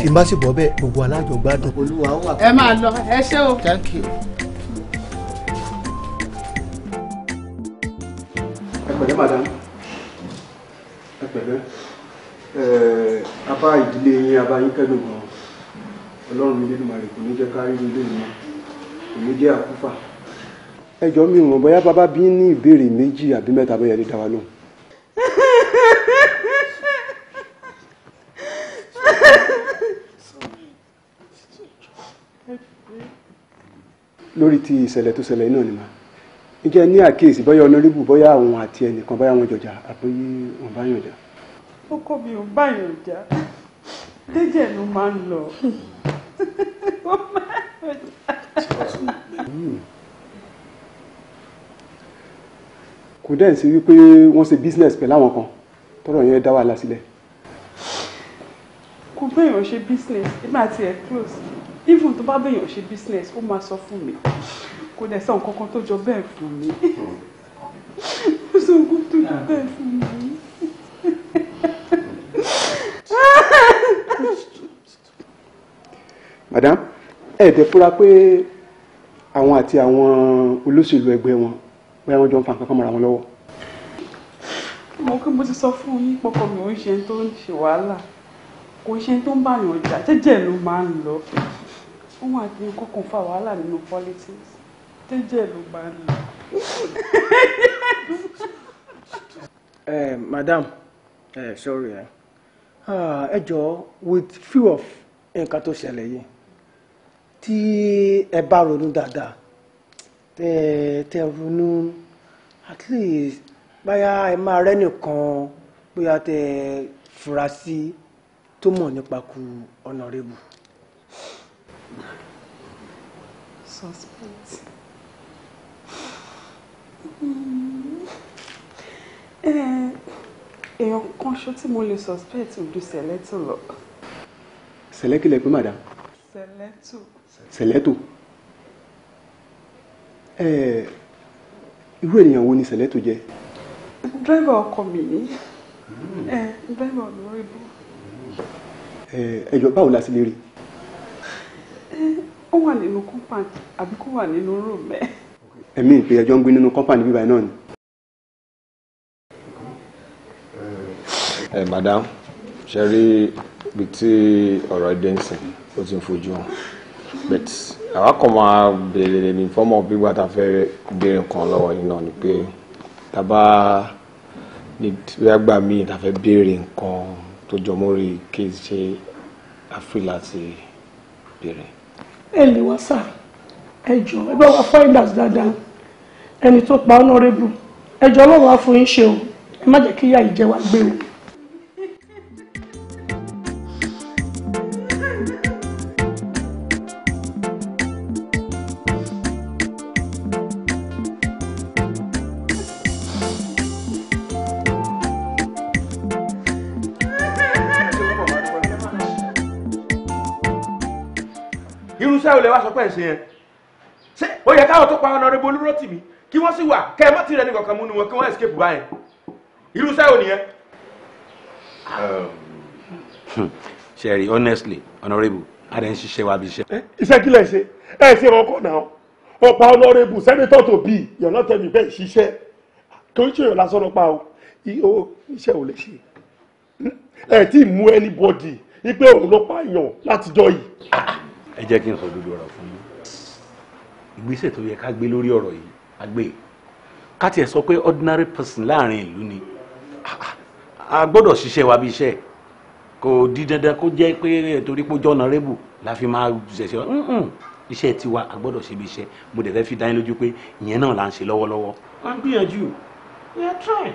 tí n bá sì bọ́ bẹ́ẹ̀ gbogbo alájọ gbádùn. olúwa wà pẹ̀lú.
ẹ máa lọ ẹ
ṣé o. ẹ pẹ̀lẹ́
madam pẹ̀lẹ́ abá ìdílé yín abá yín kẹ́dùn gan ọlọ́run ilé ìmọ̀ rẹ̀ kò ní jẹ́ kárí ilé ìmọ̀ kò ní jẹ́ àkúfà. ẹ jọ mi ràn bóyá bàbá bí ní ìbéèrè méjì àbí mẹ́ta bóyá lè dá wa lóhùn. lórí ti ìṣẹ̀lẹ̀ tó ṣẹlẹ̀ náà ni mà ǹjẹ́ ní àkíyèsí bóyá ọ̀nà ríbù bóyá àwọn àti ẹnìkan bóyá wọn jọjà àbí wọn bá yànjà
ọkọ mi ò báyàn jà déjẹ ló máa ń lọ ó máa ń jà.
kò dẹ́n sí wípé wọ́n ṣe business pẹ̀lú àwọn kan tọ́rọ̀ yẹn dá wàhálà sílẹ̀.
kò béèyàn ṣe business nígbà tí ẹ close even tó bá béèyàn ṣe business ó máa sọ fún mi kò dẹ̀ sọ nǹkan kan tó jọ bẹ́ẹ̀ fún mi ó hmm. sọ nǹkan tó jọ bẹ́ẹ̀ fún mi
madam ẹ̀ẹ́dẹ̀ fura pé àwọn àti àwọn olóṣèlú ẹgbẹ́ wọn bóyá wọ́n jọ ń fa nǹkan kan mọ́ra wọn lọ́wọ́.
mo kí mo ti sọ fún yín pọkọ mi ò ń ṣe tó ń ṣe wàhálà kò ṣe tó ń báyọ̀ ọjà jẹ́jẹ́ ló máa ń lọ òun àti nǹkan kan fa wàhálà nínú politics jẹ́jẹ́ ló máa ń lọ.
madam ẹ sorry ẹ ah, ẹ with few of nǹkan tó ṣẹlẹ̀ yìí tí ẹ bá ronú dáadáa tẹ tẹ ronú at least
báyà ẹ máa rẹ́ nìkan bóyá tẹ fura sí tó mọ̀ nípa ku honorable.
suspect. Mm. Eh èèyàn kan ṣó tí mo lè suspect ojú sẹ̀lẹ́tò lọ.
sẹ̀lẹ́kì lẹ pé madam.
sẹ̀lẹ́tò.
sẹ̀lẹ́tò. ẹ̀ẹ́ irú ènìyàn wo ni sẹ̀lẹ́tò jẹ́.
dírẹ́bà ọkọ mi ni ẹ dírẹ́bà lórí bù.
ẹ̀jọ̀ báwo la sì lè rí.
ó wà nínú compound àbí kó wà nínú room ẹ.
ẹ̀mí ìpè ẹjọ́ ń gbé nínú compound bíbá náà ni. ẹ eh, madam ṣe rí
ibi tí ọ̀rọ̀ ẹdẹ ń sìn ó ti ń fojú hàn but àwa kàn máa béèrè ní fọ́mọ̀ gbígbà tá a fẹ́ béèrè nǹkan lọ́wọ́ yìí náà ni pé tá a
bá ní gbàgbà míì tá a fẹ́ béèrè nǹkan tó jọmọ́ rí kéèsì ṣe àfi láti béèrè.
ẹ lè wá sáà ẹ jọ ẹ bá wa finders dáadáa ẹni tó pa honorable ẹ jọ ọlọ́run á fún yín ṣe o ẹ má jẹ́ kí ìyá ìjẹ gbé o.
pẹ̀ ń ṣe yẹn ṣé ó yẹ káwọn tó pa ọ̀nàrẹ́bù Olúrótìmí kí wọ́n sì wà kẹ́ ẹ mọ́tì rẹ̀ ní kankan mú nu wọn kí wọ́n
escape báyẹn irú sẹ́wò nìyẹn.
sherry um, honestly honourable adé ń ṣiṣẹ́ wa bí iṣẹ́.
iṣẹ́ kí lẹ ṣe ẹ ṣe ọkọ náà ọ̀pá honourable senator tó bí yọ̀nà tẹ̀mí bẹ́ẹ̀ ṣiṣẹ́ kò ń ṣèyàn lásán lọ́pàá o iṣẹ́ ò lè ṣe hmm? ẹ tí ì mú anybody wípé òun ló pààyàn látijọ́ yìí
ẹ jẹ́ kí n sọ gbogbo ọ̀rọ̀ fún yín ìgbésẹ̀ tó yẹ ká gbé lórí ọ̀rọ̀ yìí á gbé ká tiẹ̀ sọ pé ordinary person láàrin ìlú ni a gbọ́dọ̀ ṣiṣẹ́ wa bí iṣẹ́ kò di dandan kó jẹ́ pé eh, torí pé jọ́nà rébù la fi máa ṣẹ̀ṣẹ̀ iṣẹ́ tiwa a gbọ́dọ̀ ṣe bí iṣẹ́ mo dẹ̀ fẹ́ fi dá lójú pé ìyẹn náà là ń ṣe lọ́wọ́lọ́wọ́. wọ́n ń gbìyànjú we are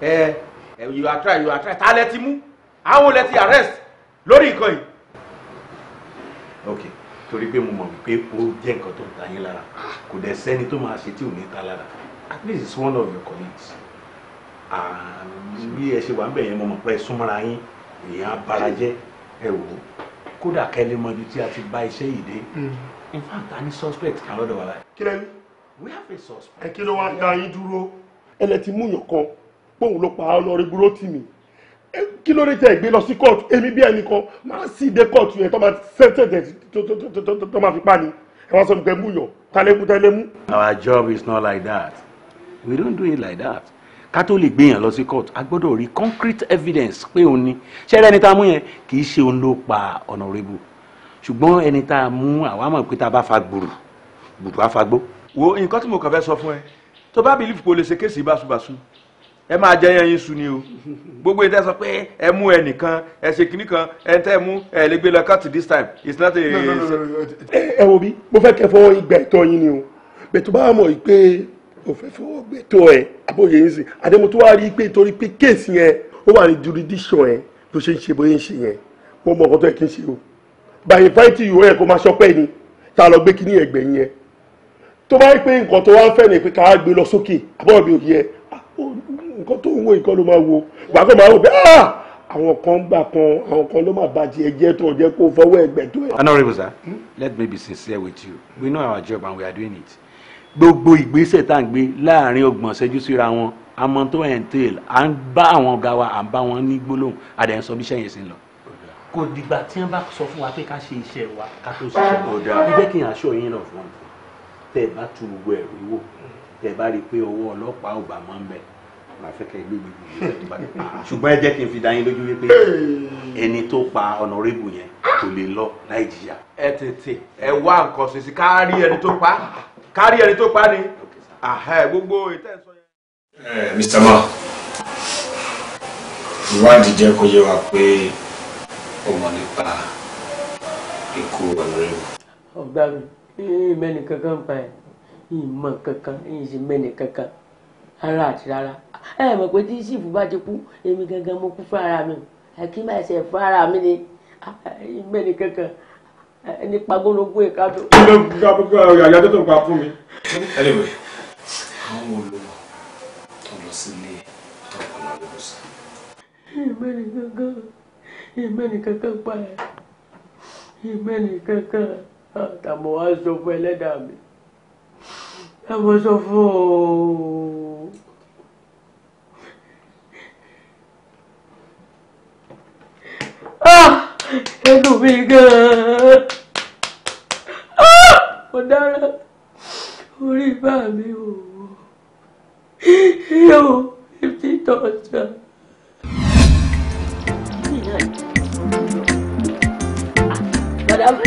ẹ ẹ eh, eh, you are trying you are ti mú àwọn olè ti arrest lórí nǹkan yìí ok torí pé mo mọ̀ wípé ó jẹ́ nǹkan tó ń ta yín lára kò dẹ̀ sẹ́ni tó máa ṣe tí ò ní ta lára at least it's one of your colleagues bí ẹ ṣe wà ń bẹ̀ yẹn mo mọ̀ pé súnmọ́ra yín èèyàn abara jẹ́ ẹ wò ó kódà kẹ́lẹ́ mọ́jú tí a ti bá iṣẹ́ yìí dé
mm. in fact
a
ní suspect kan lọ́dọ̀ wa láì.
kí lẹ́nu we have a suspect. ẹ kí ló wá dá yín dúró. ẹlẹ́tì mú yàn kan póun ló pa á lọ rí búrọ́tì mi kí ló dé tẹ gbé lọ sí kóòtù èmi bí ẹnìkan máa sì dé kóòtù yẹn tó máa sẹ́ńtẹ̀tẹ̀ tó máa fi pa ni ẹ wá sọ mi mú yọ tálẹ́mú tálẹ́mú.
our job is not like that we don't do it like that ká tó lè gbéyàn lọ sí court a gbọ́dọ̀ rí concrete evidence pé òun ni ṣẹ́rẹ́ ẹni tá a mú yẹn kì í ṣe òun ló pa honorable ṣùgbọ́n ẹni tá a mú àwa mọ̀ pé tá a bá fa gbùrù gbùrù á fa gbó. wo nǹkan tí mo kàn fẹ́ sọ fún ẹ tó bá bìlífù kò lè ṣe kéèsì báṣubàṣu ẹ máa jẹ yẹn yín su ni o gbogbo ẹ tẹ sọ pé ẹ mú ẹ nìkan ẹ ṣe
kìnnì kan ẹ tẹ mú ẹ lè gbé lọ cut this time it's not a.
ẹ wo bí mo fẹ́ kẹ́ fọwọ́ ìgbà ẹ̀tọ́ yín ni o bẹ̀tọ̀ bá mọ̀ pé o fẹ́ fọwọ́ gbẹ̀tọ̀ ẹ abóyè yín sí àdèmọ̀tò wa rí i pé torí pé kéèsì yẹn ó wà ní jurisdiction yẹn tó ṣe ń ṣe bóyá ń ṣe yẹn mo mọ ọkọ tó yẹ kí n ṣe o by inviting you ẹ kó máa ṣọpẹ́ ni tá a lọ gbé kíní ẹgbẹ̀yìn yẹn tó bá rí pé nǹkan tó wá ń fẹ́ ni pé ká gbé lọ sókè àbọ̀rọ̀ mi ò yẹ ah, nǹkan tó ń wo ìkọlù máa wo wà á kọ́ máa wò pé ah àwọn kan gbà kan àwọn kan ló máa bàjẹ́ ẹjẹ́ tó jẹ́ kó fọwọ́ ẹgbẹ́ tó ẹ. honourable sir
let me be sincere with you we know our job and we are doing it gbogbo ìgbésẹ̀ tá à ń gbé láàrin ọgbọ̀n ṣẹ́jú síra wọn àmọ́ tó ẹ̀ ń tèl à ń bá àwọn ọ̀gá wa à ń bá wọn ní gbólóhùn àdẹ̀ ń sọ bí iṣẹ́ yẹn sì ń lọ. kò dìgbà tí wọ́n bá sọ fún wa pé ká ṣe iṣẹ́ wa ká tó ṣiṣẹ́ ọ̀dà ẹgbẹ́ kí n aṣọ yín lọ fún ọ tẹ́ bá tu gbogbo ẹ̀rọ wò bá rí i pé ọwọ́ ọlọ́pàá ò bá mọ́ ń bẹ́ẹ̀ màá fẹ́ kẹ́ lójú ṣùgbọ́n ẹ jẹ́ kí n fi dá yín lójú wípé ẹni tó pa ọ̀nàrẹ́bù yẹn kò lè lọ láì jìyà. ẹ tètè ẹ wá nǹkan ṣe sí
kárí ẹni tó pa kárí ẹni tó pa ni gbogbo ìtẹ́sọ
yẹn. Mr. Ma ìwádìí jẹ́ kó yé wa pé ó mọ̀ nípa ikú ọ̀nàrẹ́bù.
ọ̀gá mi mẹ́nìkankan pa ẹ̀ ìmọ̀ kankan ìyìn sí mẹ́nìkankan rárá àti
rárá ẹ mọ̀ pé tí ṣìfù bá ti kú èmi gangan mo kú fún ara mi kí máa ṣe fún ara mi ni mẹ́ni kankan nípa gbólógún ẹ̀ka tó. kí ló ń gbà
pé àyà tó tó ń pa fún mi. anyway àwọn olùwà tó lọ sílé
tọkọ náà lọ sí. ìmẹ́ni kankan ìmẹ́ni kankan pa ẹ̀ ìmẹ́ni kankan
àtàwọn aṣọ fún
ẹlẹ́dàá mi àwọn aṣọ fún ọ.
ẹnu mi gan-an ah! mo dára orí bá mi ò wọ yíyá o fifty thousand.
Madame.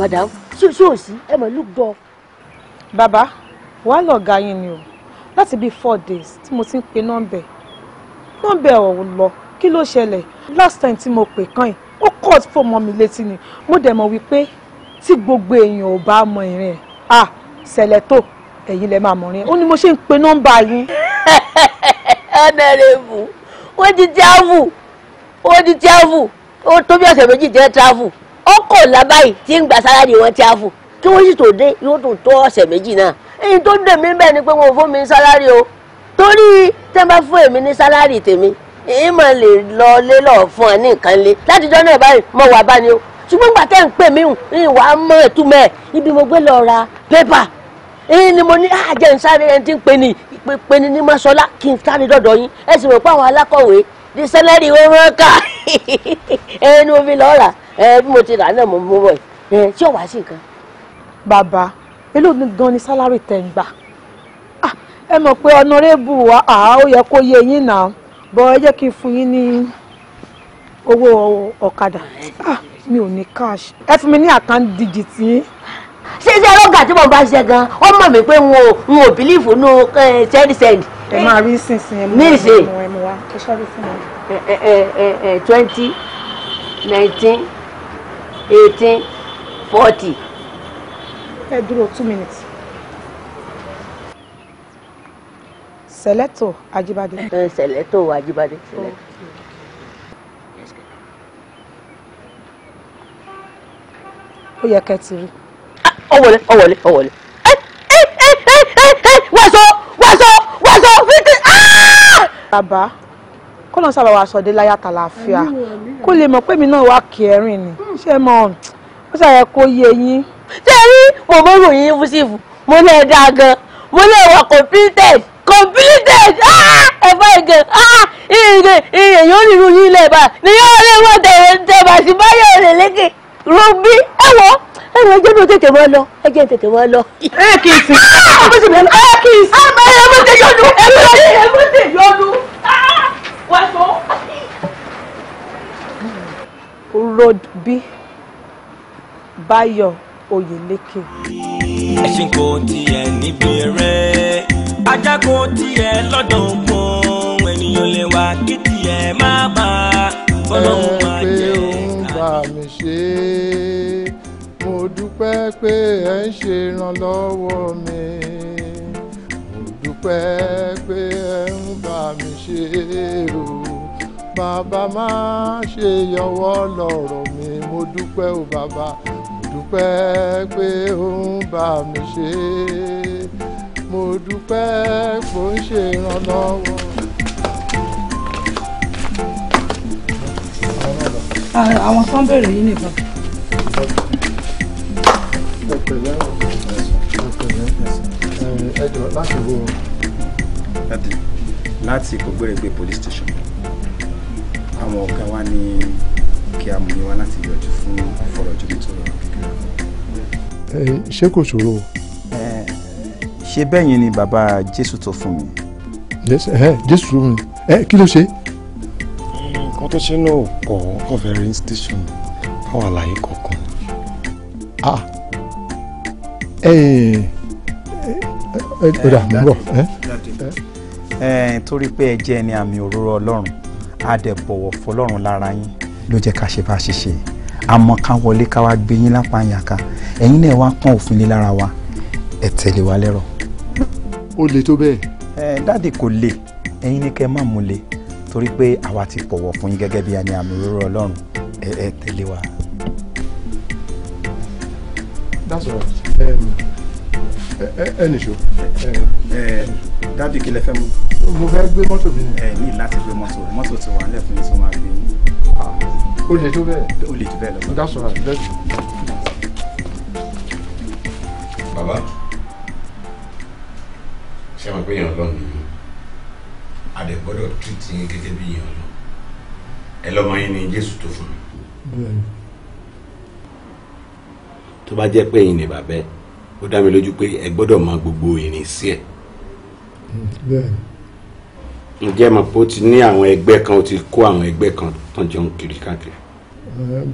madam ṣé o sí ẹ look ló Baba, bàbá wàá lọ̀gá yín ni láti bíi four days tí mo ti ń pe nọ́mbẹ̀ nọ́mbẹ̀ ò lọ kí ló ṣẹlẹ̀ last time tí mo pè kàn yìí ó cut fóònù mọ́ mi létí ni mo dẹ̀ mọ̀ wípé tí gbogbo èèyàn ò bá mọ ìrìn ẹ̀ ah sẹ̀lẹ̀tò ẹ̀yin lẹ máa mọ̀ rìn ó ní mo ṣe ń pe nọ́mbà yín. ọ̀nàrẹ́bù [LAUGHS] ó ti travel ó ti travel
ó tó bí ọ̀sẹ̀ méjì jẹ́ travel ọkọ̀ làbáyìí tí ń gbà sára ni wọ́n travel kí wọ́n sì tó dé yóò tó tó ọ̀sẹ̀ méjì náà èyí tó dè mí bẹ́ẹ̀ ni pé wọn ò fún mi sálárì o torí tẹ́ bá fún èmi ní sálárì tèmi èyí mà lè lọ lé lọ́ọ̀ fún ẹ ní nǹkan lé látijọ́ náà báyìí mo wà bá ni o ṣùgbọ́n gbà tẹ́ ń pè mí hùn ní ìwà mọ́ ẹ̀túmọ̀ ẹ̀ ibi mo gbé lọ ra pépà èyí ni mo ní àjẹ́ ah, ń sáré ẹni tí ń pè ní pè ní ní mọ́ṣọ́lá kí n sáré dọ́dọ̀ yín ẹ sì mọ̀ pé àwọn alákọ̀wé di sẹ́lẹ̀rì wọn mọ́ ká [LAUGHS] ẹni mo fi lọ́ọ́ rà ẹ bí mo ti rà náà mo mú ẹ tí ò wá sí nǹkan.
bàbá èló ni gan ni sálárì tẹ̀ ah, ẹ mọ̀ pé ọ̀nàrẹ́bù àá ó yẹ kó yẹ yín náà bọ́ ẹ jẹ́ kí n fún yín ní owó ọ̀kadà ah, mi ò ní cash ẹ fún mi ní account digit ṣé
ọlọ́gà tí mo bá ṣe n ò ẹ máa rí sísìn ẹ mú ẹ mú wa ẹ twenty nineteen eighteen forty.
ẹ dúró two minutes. sẹlẹtò Ajíbádé. ẹ sẹlẹtò Ajíbádé. ó yẹ kẹ́ ti rí.
ọ ah, wọlé ọ wọlé ọ wọlé.
wàṣọ wàṣọ wàṣọ fíkì. Ah! bàbá kó lọ sábà wàá sọdé láyà tàlàáfíà kó lè mọ̀ pé mi náà wà kẹrin ni hmm. ṣé mọ̀ ọ́n ó ṣàyẹ kó yé yín ṣẹ́rí
mo mọ ròyìn ibùsìfù mo lè dáa gan mo lè wà completed completed ẹ̀fọ́ ìgè ìrìnà èèyàn onírú yìí lẹ̀ bá ah! ni yóò lè wọ́n tẹ̀wé tẹ̀wá sí báyọ̀ rẹ̀ lékè rọ̀bí ẹ̀wọ̀ ẹ̀wọ̀ ẹjẹ́ mi ò tètè wọ́n lọ ẹjẹ́ mi tètè wọ́n lọ. ẹ kì í ah! sìn ẹ kì í sìn ah! ẹ kì í sìn ẹ mú tẹ yọdún ẹ mú tẹ ẹ mú tẹ yọdún
wà sọ. rọ̀bí báyọ̀ Oyèlékè.
ẹṣin kò tiẹ̀ níbi rẹ̀ ajá kò tiẹ̀ lọ́dọ̀ mọ́ ènìyàn lè wá kí tiẹ̀ má bà á bọ́lọ́hún
má jẹ́ ká. ẹ pé òun bá mi ṣe é mo dúpẹ́ pé ẹ ń ṣe ìrànlọ́wọ́ mi mo dúpẹ́ pé ẹ ń bá mi ṣe o bàbá má ṣe yọwọ́ lọ́rọ̀ mi mo dúpẹ́ o bàbá dúpẹ́ pé ó ń bá mi ṣe mo dúpẹ́ pé ó ń ṣe
ìrànlọ́wọ́. àwọn tó ń bèrè yín nìkan.
láti wo. láti kògbèrègbè police station àwọn ọ̀gá wa Ni kí a mú mi wá láti yọjú fún ìfọ̀rọ̀jọ́mi tó lọ́rọ̀ kékeré. ṣé kò ṣòro. ṣé bẹ́ẹ̀ yẹn ni bàbá jésù tó fún mi.
jésù tó fún mi kí ló ṣe.
nǹkan tó ṣe náà pọ̀ ọkọ̀ station fáwọn àlàyé kọ̀ọ̀kan.
torí pé ẹ jẹ́ ẹni àmì òróró ọlọ́run a dẹ̀ bọ̀wọ̀ fọlọ́run lára yín
ló jẹ́ ká ṣe bá ṣe ṣe àmọ́ ká wọlé ká wá gbé yín lápá yànká ẹ̀yin náà wá pọ́n òfin lé lára wa ẹ̀ tẹ̀lé wa lẹ́rọ̀. ó le tó bẹ́ẹ̀. ẹ dáàdì kò le ẹ̀yin ní kẹ́ ẹ má mú le torí pé àwa ti pọ̀wọ̀ fún yín gẹ́gẹ́ bí àní àmì òróró ọlọ́run ẹ tẹ̀lé wa.
that's all right
um, ẹ dáàdì kí lẹ fẹ́ mú. mo fẹ́ gbé mọ́tò mi. ẹ ní láti gbé mọ́tò mọ́tò ti wà lẹ́fún yín tó máa gbé yín o lè tó bẹ́ẹ̀. o lè tó bẹ́ẹ̀ lọ. that's all right bẹ́ẹ̀. bàbá
ṣé wọn pé èèyàn lọ nìyí adẹ gbọ́dọ̀ treat yín gẹ́gẹ́ bí èèyàn lọ ẹ lọmọ yín ni jésù tó fún mi. tó bá jẹ́ pé ẹ̀yin ni bàbá ẹ̀ ó dá mi lójú pé ẹ gbọ́dọ̀ mọ gbogbo ìrìn sí
hmm, ẹ̀
ǹjẹ́ mọ̀ pé ó ti ní àwọn ẹgbẹ́ kan ó ti kó àwọn ẹgbẹ́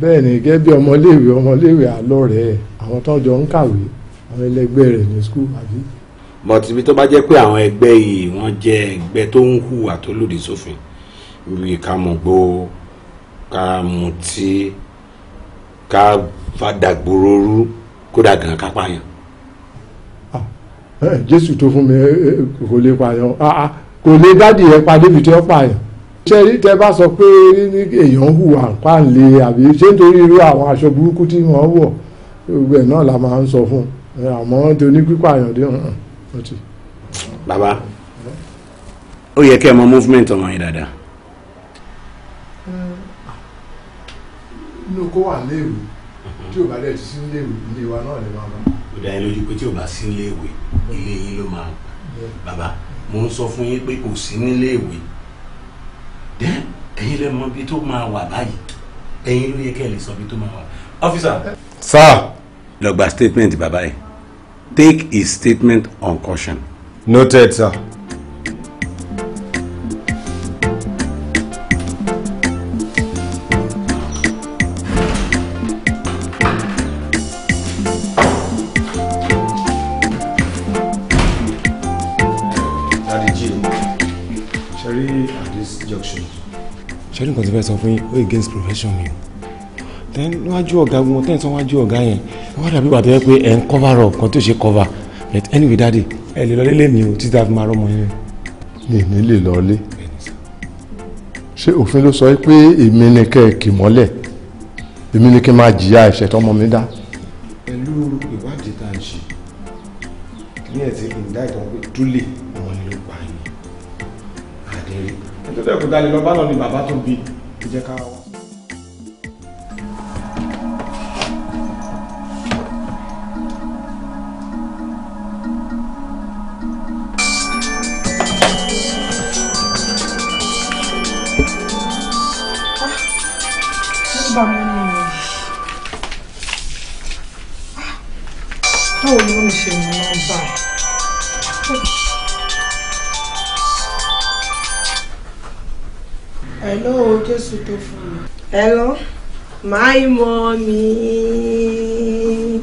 bẹ́ẹ̀ ni gẹ́gẹ́ bí ọmọléèwé ọmọléèwé àlọ́ rẹ̀ àwọn tó ń jọ ń kàwé àwọn ẹlẹgbẹ́ rẹ̀ ní skul àbí.
mọ̀tìbí tó bá jẹ́ pé àwọn ẹgbẹ́ yìí wọ́n jẹ́ ẹgbẹ́ tó ń hùwà tó lòdì sófin bíi ká mọ̀gbó ká mutí ká fàdàgbòrò rú kódà gan ká pààyàn
ah, eh, jésù tó fún mi eh, kò lè pààyàn ah, ah, kò lè dádì ẹ pa débi tí ó pààyàn ṣe rí tẹ bá sọ pé ní èèyàn hùwà páàlẹ àbí ṣé nítorí irú àwọn aṣọ burúkú tí wọ́n wọ̀ gbogbo ẹ̀ náà la máa ń sọ fún àmọ́ toní pípààyàn dé hàn
ọtí. bàbá ó yẹ kẹ́ ẹ mọ movement ọmọ yìí dáadáa.
inú kó wà léèwé tí ò bá dẹ̀ sí léèwé ilé wa náà lè máa bá. ó
dá yín lójú pé tí ò bá sí léèwé ilé yín ló máa bàbá mo ń sọ fún yín pé kò sí níléèwé ẹ̀yin lè mọ ibi tó máa wà báyìí ẹ̀yin ló yẹ kẹ́ ẹ lè sọ ibi tó máa wà. ọ́fíìsà. sir. lọ gba statement bàbá yìí take his statement on caution.
noted sir. fún yín ó against profession mi Then níwájú ọ̀gá gbogbo tẹ́yìn sọ wájú ọ̀gá yẹn wọ́n dàbí wà tó yẹ pé ẹ̀ ń cover up kan tó ṣe cover but anyway daddy ẹ lè lọlé lèmi o títí a fi máa rọ́mọ yín. mi
ní lè lọlé ṣé òfin ló sọ pé èmi ni kẹ́ ẹ kì mọ́lẹ̀ èmi ni kí n máa jìyà ẹ̀ṣẹ̀ tọmọ mi dá.
pẹ̀lú ìwádìí tá à ń ṣe ní ẹ̀ tí ìdá ìtàn pé dúlé ọmọ ni ló pa yín àdéhùn. ẹ tó jẹ́ ká wá.
Hello, my mommy.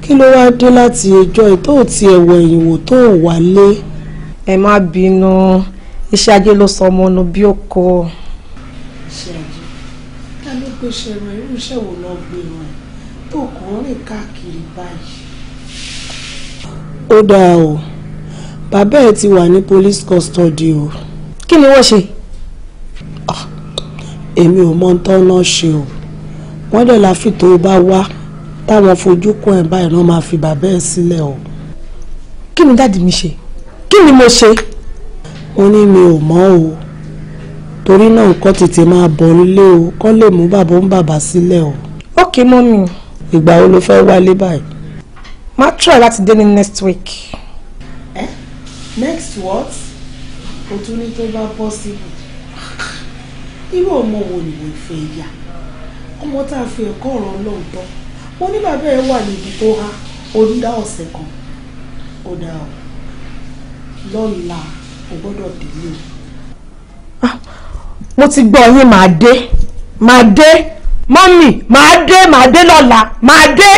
Kí ló wá dé láti ẹjọ́ ẹ̀ tó ti ẹ̀wọ̀ ìwò tó wálé? Ẹ má bínú, iṣẹ́ ajé ló sọ ọmọ nu bí ó kọ. Iṣẹ́ ajé, ká ló gbé ṣẹ̀wọ̀n irú iṣẹ́ wo lọ gbé wọn tó kàn rìn Ó dáa o, bàbá ẹ̀ ti wà ní police custody o. Kí ni wọ́n ṣe? èmi ò mọ ohun ṣe o wọ́n dẹ̀ la fi tó o bá wá táwọn fojú kún ẹ̀ báyìí náà máa fi bàbá ẹ̀ sílẹ̀ o. kí ni dáàdì mi ṣe kí ni mo ṣe. ó ní mi ò mọ̀ o torí náà nǹkan tètè máa bọ̀ nílé o kọ́ lè mú bàbá ń bàbá sílẹ̀ o. ok mọ́mí. ìgbà wo ló fẹ́ wálé báyìí. máa try láti dé ní next week. Eh? next what? o tún ní tó bá possible irú ọmọ wo ni wọ́n fẹ́ yà ọmọ tá a fi ẹ̀kọ́ ọ̀rọ̀ ọlọ́run tọ́ mo ní bàbá ẹ wà níbi tó há onídá ọ̀sẹ̀ kan ó dá ọ lọ́la o gbọ́dọ̀ délé. Ah, mo ti gbọ́ yín màá dé màá dé mọ́mì màá dé màá dé lọ́la màá dé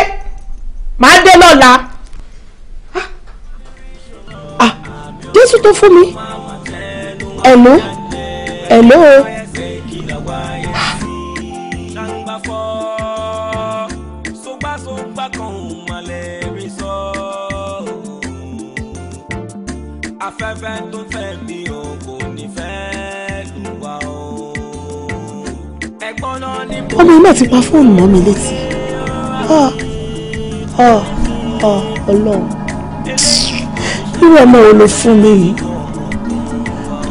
màá dé lọ́la. Ah, ah, jésù tó fún mi ẹ̀lú ẹ̀lú o wáyé sí ṣàǹgbàfọ́
sọgbàsọgbà kan ò mà lè rí sọ. afẹ́fẹ́ tó fẹ́ mi ò kò ní fẹ́ lù o.
ẹ̀gbọ́n náà ní. ọmọ iná ti pa fóònù mọ́ mi létí. ọlọ́run irú
ọmọ wo ló fún mi yìí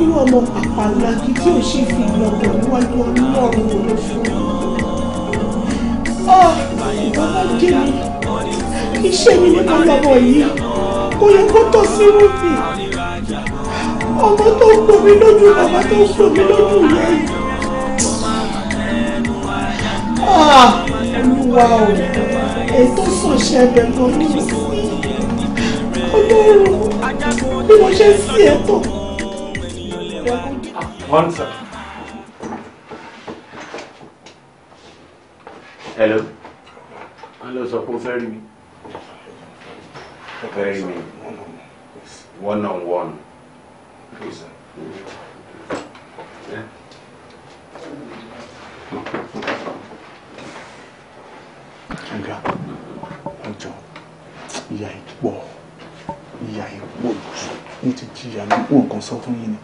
kí ọ̀nà pàpàlàgì tí ò ṣe fi ìlọ̀dọ̀ níwájú ọlọ́run òun fún ọ ah, bàbá jẹ mi iṣẹ́ mi nípa lọ́wọ́ yìí kò yẹ kó tọ́ sí rúbì ọmọ tó ń pò mí lójú bàbá tó ń pò mí lójú rẹ ah, olúwa o ètò sàn ṣẹlẹ̀ lọ sí ọlọ́run bí mo ṣe sí ẹ̀tọ́.
One sec.
Hello. Hello, So pé o fẹ́ rí mi. O One on one. Please. Yeah.
Ọ̀gá, ọjọ́, ìyá ìpọ̀, ìyá ìpọ̀, ní ti jìyà ní òògùn sọ fún yín ni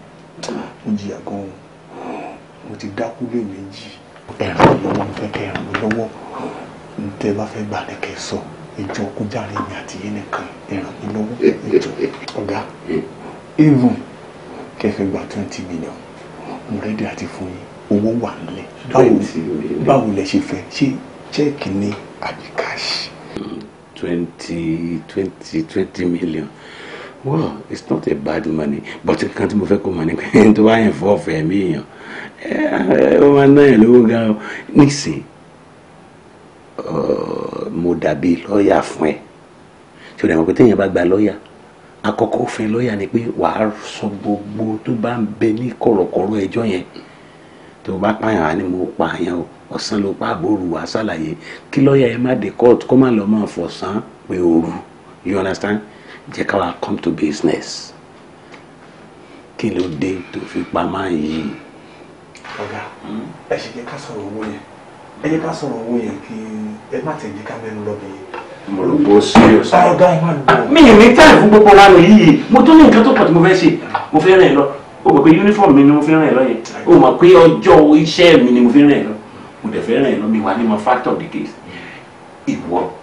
mo jìyà gan-an mo ti dákú lé méjì ẹ̀ràn lọ́wọ́ ń fẹ́ kẹ́ ẹ̀ràn mi lọ́wọ́ ń tẹ́ bá fẹ́ gbà lẹ́kẹ̀ sọ ìjọ kújáre mi àti yín nìkan ẹ̀ràn mi lọ́wọ́ ìjọ ọ̀gá irun kẹfẹ́ gba twenty million mo rẹ́dí àti fún yín owó wà nílẹ̀ báwo lẹ ṣe fẹ́ ṣé chẹ́ẹ̀kì ni àbí káàṣì. twenty
twenty twenty million well it's not a bad money but nǹkan tí mo fẹ́ kó mọ̀ ni pé [LAUGHS] tó bá yẹn fọ́ ọ̀fẹ́ mi èèyàn eh, ó máa ná yẹn lówó gan o nísìn eh, mo dàbí lọ́ọ̀yà fún ẹ tí o dẹ̀ lawyer. pé téèyàn bá gba lọ́ọ̀yà àkọ́kọ́ fẹ́ lọ́ọ̀yà ni pé wàá sọ gbogbo tó bá ń bẹ ní kọ̀rọ̀kọ̀rọ̀ ẹjọ́ yẹn tó bá pààyàn lawyer. ní mo pààyàn o ọ̀sán ló pa àbóru wàá ṣàlàyé kí lọ́ọ̀yà yẹn má dé court kó má lọ́ọ́ máa fọ̀sán pé òru you understand jẹ́ ká wá come to business kí ló dé tó fi pamọ́ yìí. ọ̀gá
ẹ ṣe jẹ́ ká sọ̀rọ̀ owó yẹn ẹ jẹ́ ká sọ̀rọ̀ owó yẹn kí ẹ má tẹ̀lé ká mẹ́nu lọ́bì yẹn. mo rò bó
serious. Ah, ọ̀gá ẹ má lò. mi ì ní táì fún gbogbo wa nù yìí mo tún ní nǹkan tó pọ̀ tí mo fẹ́ ṣe mo fẹ́ rìn lọ o mọ̀ pé uniform mi ni mo fi rìn lọ yẹn o mọ̀ pé ọjọ́ iṣẹ́ mi ni mo fi rìn lọ mo dẹ̀ fẹ́ rìn lọ mi wà ní mo factor the case ìwọ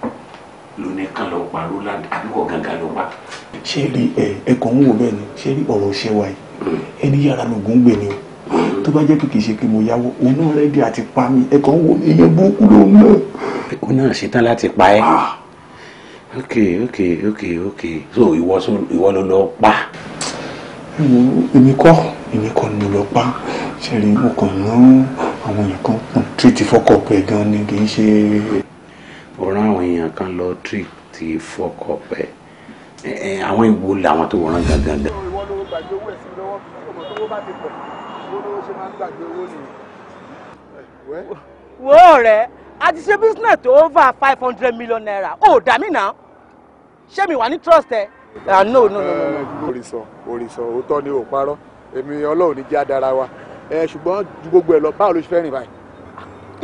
ló ní kàn lọ pa roland àbíwọ̀ gangan ló pa.
ṣé rí ẹ ẹkọ ń wò bẹ́ẹ̀ ni ṣé rí ọ̀rọ̀ ṣe wa yìí ẹni yàrá lògùn gbè ni o tó bá jẹ́ pé kì í ṣe pé mo yáwó òun náà rẹ́dí àti pa mi ẹkọ ń wò mí iye burúkú lòun náà.
òun náà ṣetán láti pa ẹ́ ah. ok ok ok ok so ìwọ so ìwọ ló lọ pa.
èmi kọ́ èmi kọ́ ni mo lọ pa ṣe rí mo kàn rán
àwọn èèyàn kan tírìtì fọ́kọ̀ pẹ̀ gan ni kì í ṣe ó rán àwọn èèyàn kan lọ trip ti fọkọ pẹ àwọn ìwo làwọn tó rán gangan. ìwọ ló gbàgbé owó
ẹ̀sìn lọ́wọ́ ọmọ wọ́n bá ti pọ̀
wo ọ̀rẹ́ a ti ṣe business tó over five hundred million naira ó dà mí náà ṣé mi wà ní trust ẹ. ah no no no
no. òrìṣàn òrìṣàn òótọ́ ni ò parọ́ èmi ọlọ́run ní jẹ́ àdára wa ṣùgbọ́n ju gbogbo ẹ̀ lọ báwo ló ṣe fẹ́ rìn báyìí.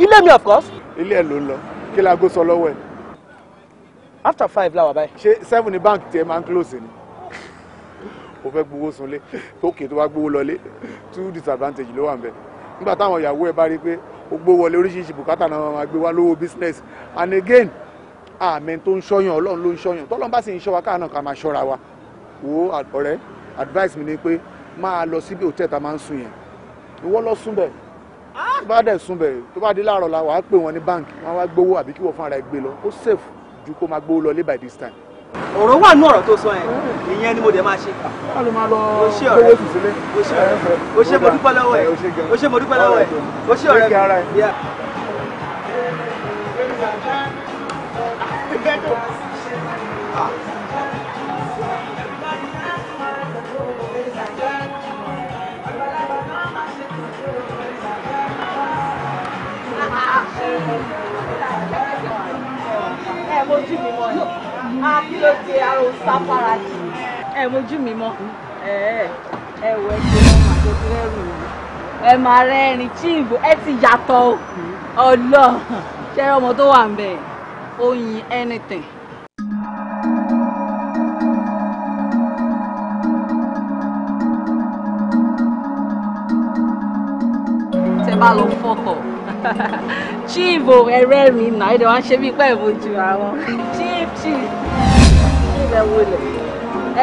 ilé mi of course. ilé ẹ̀ ló ń lọ kí la gbó sọ lọ́wọ́ ẹ̀. after five la wà báyìí. ṣé seven ní báńkì tiẹ̀ máa ń close ni o fẹ́ gbowó sunlé
òkè tó bá gbowó lọlé two disadvantage ló wà nbẹ nígbà táwọn ìyàwó ẹ bá rí i pé o gbó wọlé oríṣiríṣi bùkátà náà máa gbé wá lówó business and again àmín tó ń ṣọ́yàn ọlọ́run ló
ń ṣọ́yàn tọ́lọ́n bá sì ń ṣọ́ káà náà ká máa ṣọ́ra wa wo ọ̀rẹ́ advice mi ni pé máa lọ síbi òtẹ́ẹ̀ta máa ń sùn yẹn ìwọ lọ sùn bẹ́ẹ̀ tó bá dẹ̀ sùn bẹ̀ tó bá dé láàárọ̀ la wàá pè wọ́n ní báǹkì wọ́n wá gbowó àbí kí wọ́n fúnra ẹ̀ gbé lọ ó safe ju kó máa gbowó lọ lé by this time. ọ̀rọ̀ wà nú ọ̀rọ̀ tó sọ yẹn ìyẹn ni mo dẹ̀ máa ṣe.
wọ́n lè máa lọ gbowó sùn
sílé. o ṣe mo dúpẹ́ lọ́wọ́ ẹ̀ o ṣe mo dúpẹ́ lọ́wọ́ ẹ̀ o ṣe ọ̀rẹ́ mi.
mojú mi mọ́ ni àbí ló ṣe àrò sáfara jù. ẹ mojú mi mọ́ ẹ ẹ wọ ẹ ṣe wọn máa tó rẹ́rù
ẹ máa rẹ́rìn chíìbù ẹ ti yàtọ̀ ọlọ́ọ̀ ṣé ọmọ tó wà ń bẹ̀ oyin anything. tẹ bá lọ fọkọ. [LAUGHS] chief o ẹ̀rẹ́ mi nà ẹ̀dẹ̀ wá ṣe bí pẹ́ ìbojú àwọn chief chief chief ẹ̀ wọlé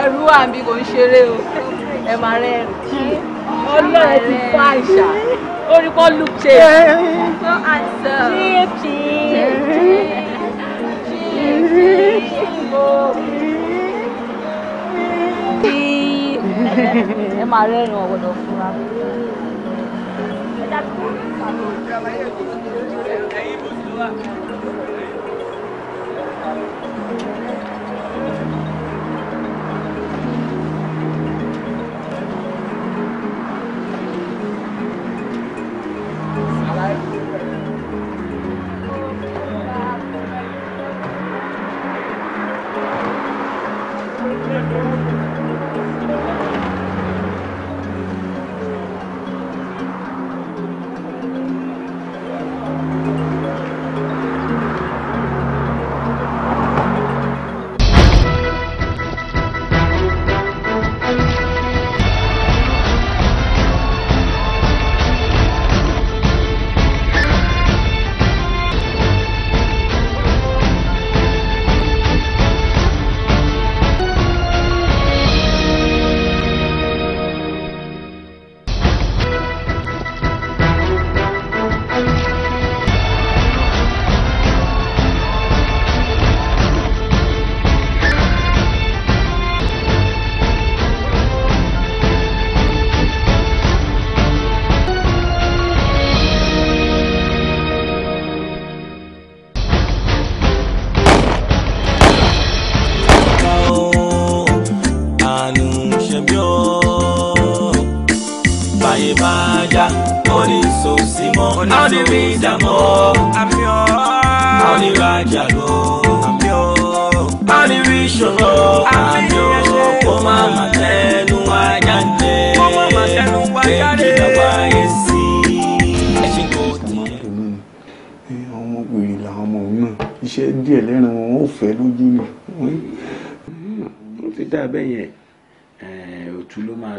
ẹ̀rú àbí kò ń ṣeré o ẹ̀ máa rẹ́rìn ọlọ́run ti fọ́ àìsà orí kọ́ look change so
handsome chief chief chief o ẹ máa
rẹ́rìn ọ̀wọ̀dọ̀ fúnra
ẹ̀yin bùsùlùmá.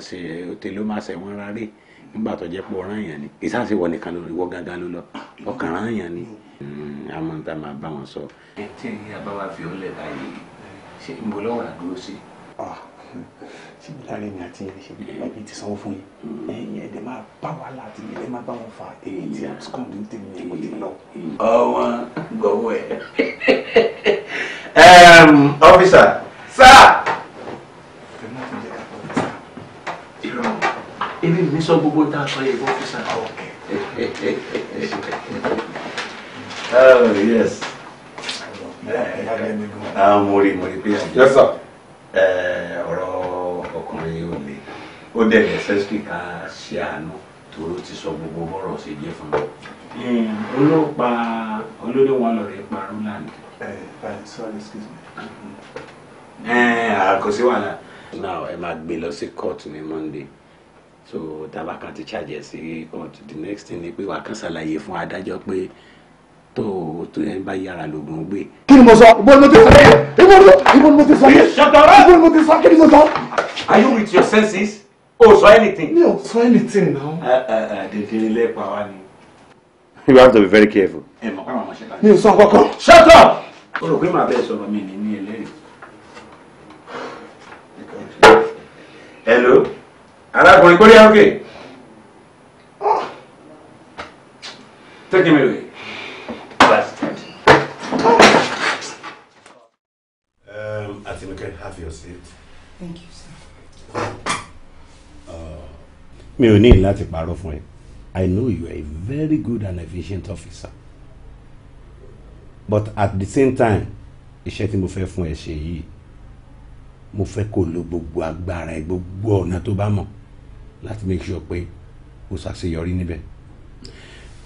se ọtẹ ló máa ṣe wọn rárẹ nígbà tó jẹ́ pé ọ̀ràn yẹn ni ìsáàsì wọ nìkan lórí wọ gángan ló lọ ọkàn rán yẹn ni àmọ́ hmm, tá máa bá wọn sọ. ẹ tí ìyá bá wa fi ọlẹ báyìí ṣé ìbò lọ́wọ́ àdúró sí. ṣé láàrin mi àti ìrìn ṣèlú hmm. ti sanwó fún yín hmm. ẹ̀yin ẹdẹ máa bá wa láti ẹ máa bá wọn fa èyí tí abscond ń tèmi ẹ kò tí lọ. ọwọ́ gbọ́wọ́ ẹ. ọ́fíìsà sáà. èmi mi sọ gbogbo tá a sọ yẹ fún fisa. Ah, oh ah, yes. Ah, mo rí mo rí pé àjọ eh, ọ̀rọ̀ ọkùnrin ò le ó dẹ̀ necessary ká ṣe àánú tòró ti sọ gbogbo bọ́rọ̀ ṣe jẹ́ fún mi. Hmm, olóòpàá olóníwọ̀n lọ́rẹ̀ pa roland. Eh, sorry excuse me. Mm-hmm. eh àkọsí wàhálà. now ẹ máa gbé lọ sí court ní monday so tabaka ti charge ẹ̀ sí court the next thing ni pé wàá kàn ṣàlàyé fún adájọ́ pé tó o tó ẹ bá yára lògùn gbé.
kí ni mo sọ ibo ni mo ti sọ kí ibo ni mo ti sọ kí ibo ni mo ti sọ kí ni mo sọ. are you with your senses? o sọ
anything. mi ò sọ anything now. dèdè ilé pa wá ni. you have to be very careful. ẹ mọ̀ káwọn ọmọ ṣe ká.
mi ò sọ kankan.
shut up. o rò pé màá bẹ́ẹ̀ sọ̀rọ̀ mi ní ní ẹlẹ́rìí. hello arákùnrin kórìíyá òkè take him away. Um, I think we have your seat.
Thank you, sir.
Uh, mi ò ní láti parọ́ fún ẹ. I know you are a very good and efficient officer. But at the same time, iṣẹ́ tí mo fẹ́ fún ẹ ṣe yìí, mo fẹ́ kó lo gbogbo agbára ẹ gbogbo ọ̀nà tó bá mọ̀ láti make sure pé ó ṣàṣeyọrí níbẹ̀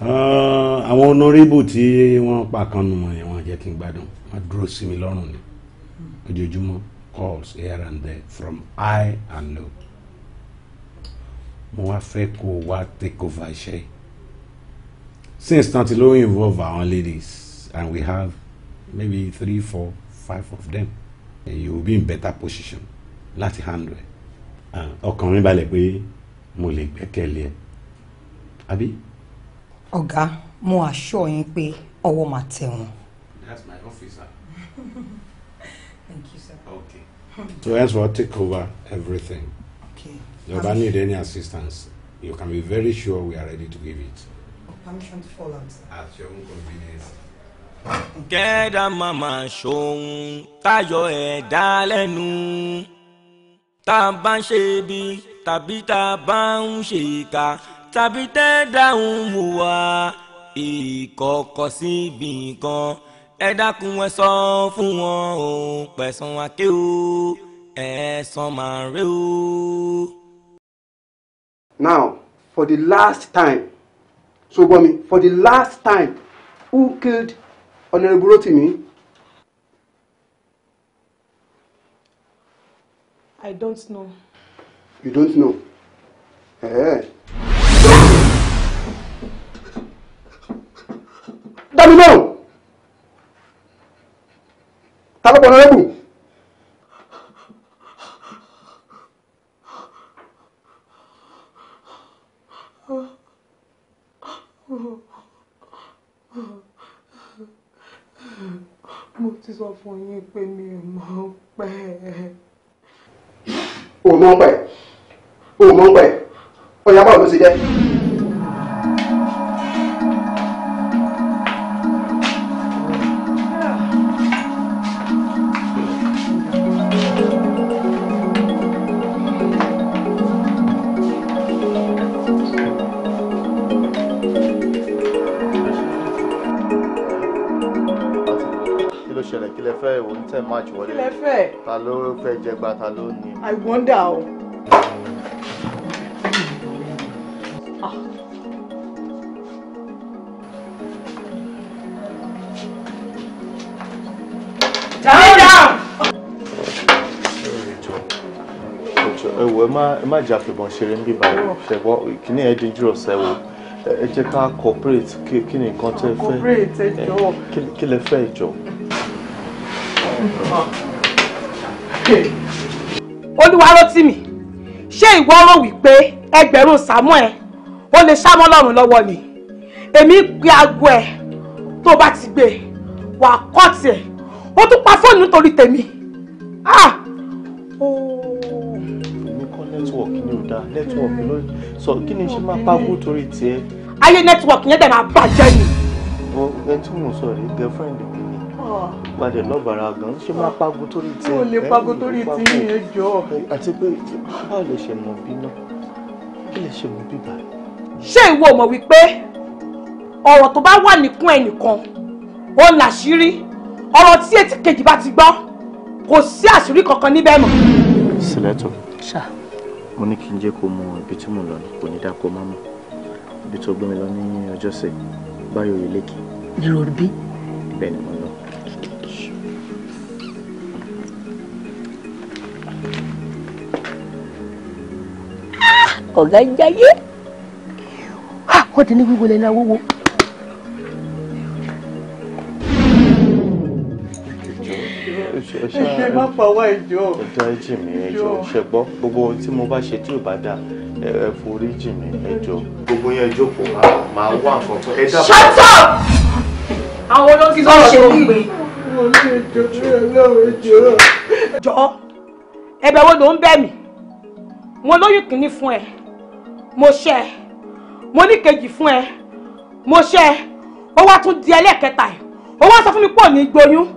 ah, àwọn honorable tí wọ́n pa kanu wọn yẹn wọ́n jẹ́ kí n gbádùn wọ́n dúró sí mi lọ́rùn ni ojoojúmọ́ calls here and there from I and low mo wá fẹ́ kó o wá take over iṣẹ́ since tán ti ló involve àwọn ladies and we have maybe three four five of them you will be in better position láti handle ẹ̀ ah, ọkàn mi balẹ̀ pé mo lè gbẹ́kẹ̀lé ẹ àbí.
ọ̀gá mo àṣọ yín pé ọwọ́ máa tẹ̀ wọ́n.
that's my officer. [LAUGHS] thank
you sir. okay. so
henceforth take over everything. okay. if you need any assistance you can be very sure we are ready to give it.
Oh, permission to fall at
your own convenience.
kẹ́ẹ̀dá màmá ṣòun táyọ̀ ẹ̀ dá lẹ́nu tá a bá ń ṣe bí tàbí tá a bá ń ṣe ìka tàbí tẹ́ dáhùn wò wá ìkọ̀kọ̀ síbi nǹkan ẹ dákun ẹ sọ fún wọn o pẹ̀sán
àké o ẹ̀sán máa rẹ o. now for the last time so for the last time who killed Honorable Rotimi?
I don't know. You don't
know. Eh.
Dami no. Talo bono lebu.
Mo ti sọ fún yín pé mi ò mọ̀ pẹ́.
O mọ̀ pẹ́ o mọ̀ ń pẹ̀
ọ̀yà báwo ló ṣe jẹ́.
ṣẹlẹ̀ kí lẹ fẹ́ ń tẹ̀ máa wọlé. ta ló fẹ́ jẹgba ta ló ní.
I wonder o.
ẹ má jà fìbọn ṣeré níbí báyìí ṣẹ̀gbọ́ kìíní ẹ̀ dangerous ẹ wò ẹ jẹ́ ká cooperate kini ni nǹkan tẹ́ fẹ́ kí lẹ fẹ́ ìjọ.
Olúwarótìmí ṣé ìwọ rò wípé ẹgbẹ̀rún Samuel ó lè sá mọ́ Ọlọ́run lọ́wọ́ ni èmi pe aago ẹ̀ tó bá ti gbé wàá kọ́ọ̀tì ẹ̀ ó tún pa fóònù nítorí tèmi.
nẹ́tíwọ̀kì lórí sọ kí ni ṣe máa pagó torí tiẹ̀.
ayé nẹ́tíwọ̀kì yẹn dẹ̀ máa bàjẹ́ ni.
ẹni tí mo sọ rèé girlfriend mi ni padà lọ́bàrà gan ṣe máa pagó torí tiẹ̀. o lè pagó torí ti yín ẹ jọ. àti pé báwo lè ṣe mọ̀ bí náà
kí lè ṣe mọ̀ bí báyìí. ṣé ìwọ mọ̀ wípé ọ̀rọ̀ tó bá wà nìkún ẹnìkan ó ń làṣírí ọ̀rọ̀ tí etí kejì bá ti gbọ́ kò sí àṣírí kankan níbẹ̀ mọ́.
sílẹ̀ tó. ṣáà mo ní kí n jẹ́ kó mọ ibi tí mo lọ ní kò ní dáa kó má mọ̀ ibi tó gbé mi lọ ní ọjọ́sẹ̀ báyọ̀ yìí lékè. ìròrí bí. ibẹ̀ ni mo lọ.
Ah! ọ̀gá ń jayé ah! wọ́n ti ní wíwọlé náà wúwo
ẹ má pa wá ìjọ. ẹjọ ẹ jì mí ṣe gbọ́ gbogbo ohun tí mo bá ṣe tí ò bá dà ẹ forí jì mí ẹjọ. gbogbo yẹn jókòó máa wá nǹkan fún ẹ shut up!
àwọn olóńgí sọ̀rọ̀ tó ń pè. jọ ẹ̀bẹ̀ wo ló ń bẹ̀ mí mo lóyún kìíní fún ẹ mo ṣe mo ní kejì fún ẹ mo ṣe ó wá tún di ẹlẹ́ẹ̀kẹta ẹ̀ ó wá sọ fún mi pé ní gboyún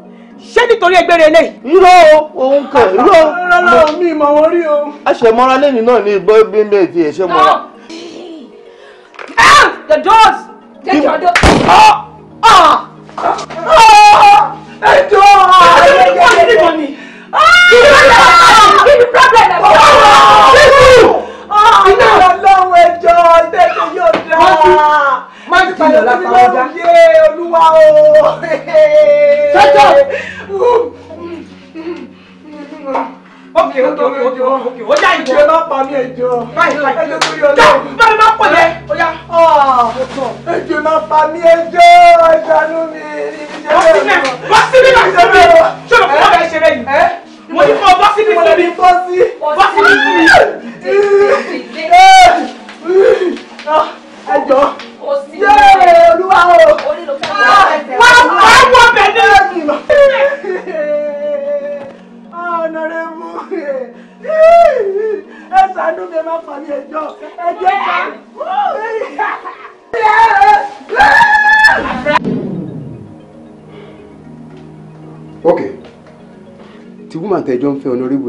ṣé nítorí ẹgbẹ́ lẹ́yìn. irọ́ òun kẹ̀ irọ́. rárá o
mi mọ̀ wọ́n rí o. a lẹ́yìn náà ní ìgbọ́ bí mi ti ẹ̀ ṣe mọ́ra.
ah the doors take your door. ẹjọ́ ẹjọ́ ẹjọ́ ni. kí ni problem ẹ̀ fọ́. iná ọlọ́run ẹjọ́ ẹjọ́ yóò dáa má ti jìnnà lápá ọjà. yé olúwa o. ṣẹ́jọ́. ókè ókè ókè ókè ókè ó yá ìjọ. ẹ má pa mí ẹjọ. báyìí báyìí ẹjọ tó yọ lọ. já báyìí má pọ̀ yẹ. ó yá. ẹjọ má pa mí ẹjọ ẹjọ mi. wọ́n sí náà wọ́n sí mi náà sí mi. ṣé o kò bẹ́ẹ̀ ṣe bẹ́ẹ̀
yìí
mo ní fọ bọ́sì ní fún mi bọ́sì ní fún mi ẹjọ́ yéèrè olúwa o
wá wá wọ bẹ̀rẹ̀
ìmọ̀ ọ̀nà rẹ̀ mú ẹ
ṣàánú mi ẹ fà mí ẹjọ́
ẹjọ́ ká.
ok tí woman tẹjọ ń fẹ́ ọ̀nàrẹ́bù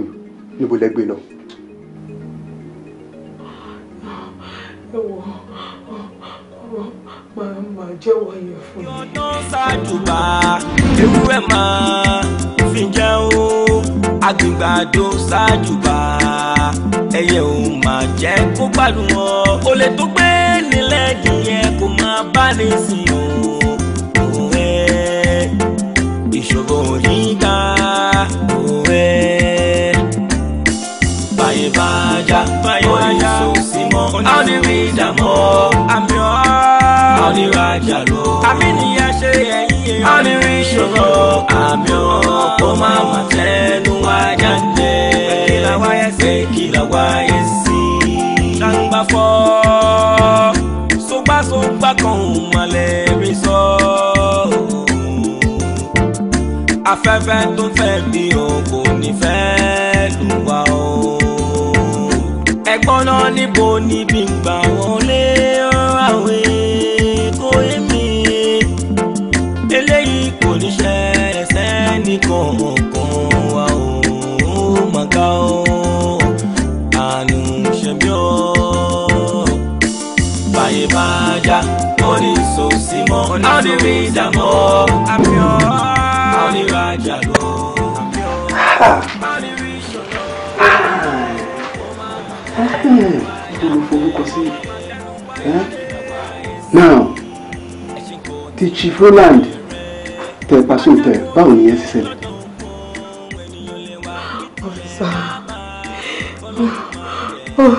níbo lẹ lọ. ẹ wọ
máa máa jẹ́wọ́ yẹn fún mi. yọ̀nà ṣàjùbà ewúrẹ́ máa fi jẹun àgbìgbàdo ṣàjùbà ẹyẹ ò máa jẹ́ kó gbádùn wọn. olè tó gbé nílẹ̀ nìyẹn kò máa bá ní sìn o. òwe ìṣòro yíká òwe báyìí bá já báyìí bá já. mi o kó má má tẹnu wá jáde kìlà wáyé sí kìlà wáyé sí. sangba fọ́ sọgbàsọgbà kan ò afẹ́fẹ́ tó fẹ́ mi o kò ní fẹ́ lù o. ẹ̀gbọ́n náà níbo níbi ń wọlé. the rí ìdààmú. Àníwá jàgbó.
Now, ti Chief Roland tẹ pàṣẹ òtẹ Oh ni ẹ
Oh, oh,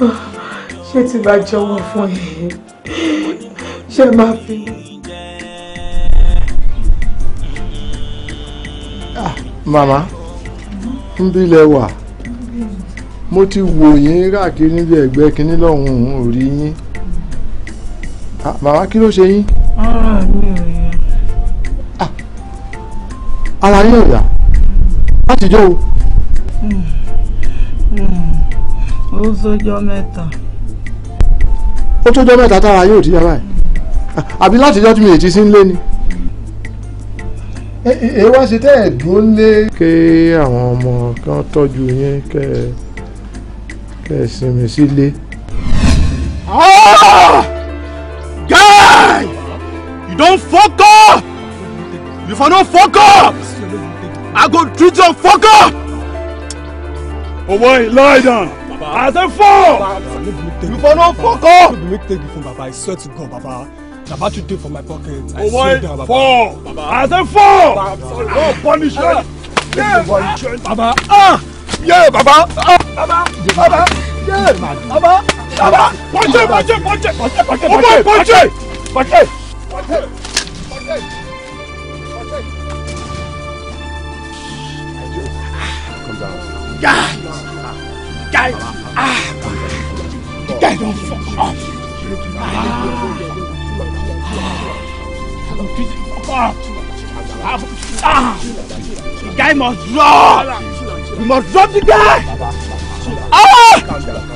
oh. ṣé ti bá jọ̀wọ́ fún yìí? ṣé ẹ máa fi
ah, màmá ń bí lẹ wà mo ti wò yín káàkiri níbi ẹ̀gbẹ́ kínní lọ́hùn-ún ò rí yín ah, màmá kí ló ṣe yín.
ara ah, mi ò yá.
ara yín ò yá láti jó o.
Hmm, hmm, hmm. ó tójọ́ mẹ́ta.
ó tójọ́ mẹ́ta tára yóò ti yára ẹ̀ àbí
látijọ́
tí mi ì sí ń lé ni ẹ wá ṣe tẹ́ ẹ̀ dúró lé. kí àwọn ọmọ kan tọ́jú yín kẹ́ ẹ kẹ́ ẹ sinmi sílé.
Ah! guy
you don fuck up you for no fuck up i go treat
your fuck up. owó oh, lie down As i fall you for no fuck up. baba i swear to god baba about to take from my pocket. I swear down, Baba. Four.
Baba. I said four. Baba, sorry. No punishment. Yeah. Punishment. Baba. Ah. Yeah, Baba. Ah. Baba. Baba. Yeah.
Baba.
Baba. Punch it, punch it, punch it. Punch it, punch it, punch it. Punch it.
Punch it. Punch it.
Come down. Guys! Guys! Ah! Guys, don't fuck off! Ah! The guy must drop! We must drop the guy! Ah!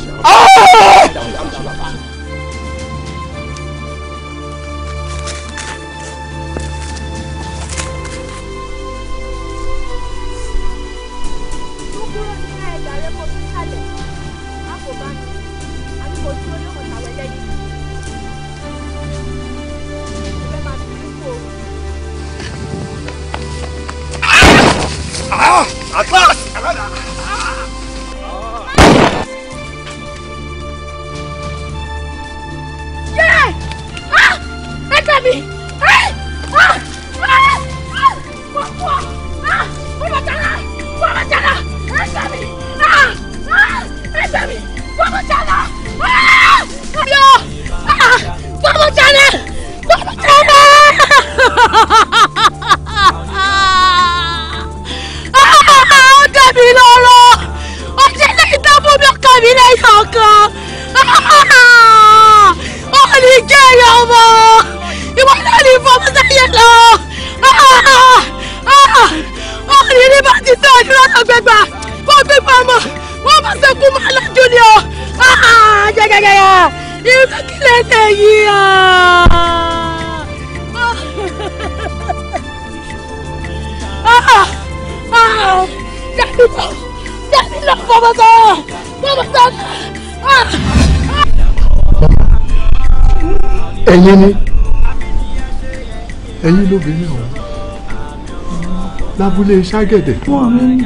ságẹ̀dẹ̀. wọ́n mi ní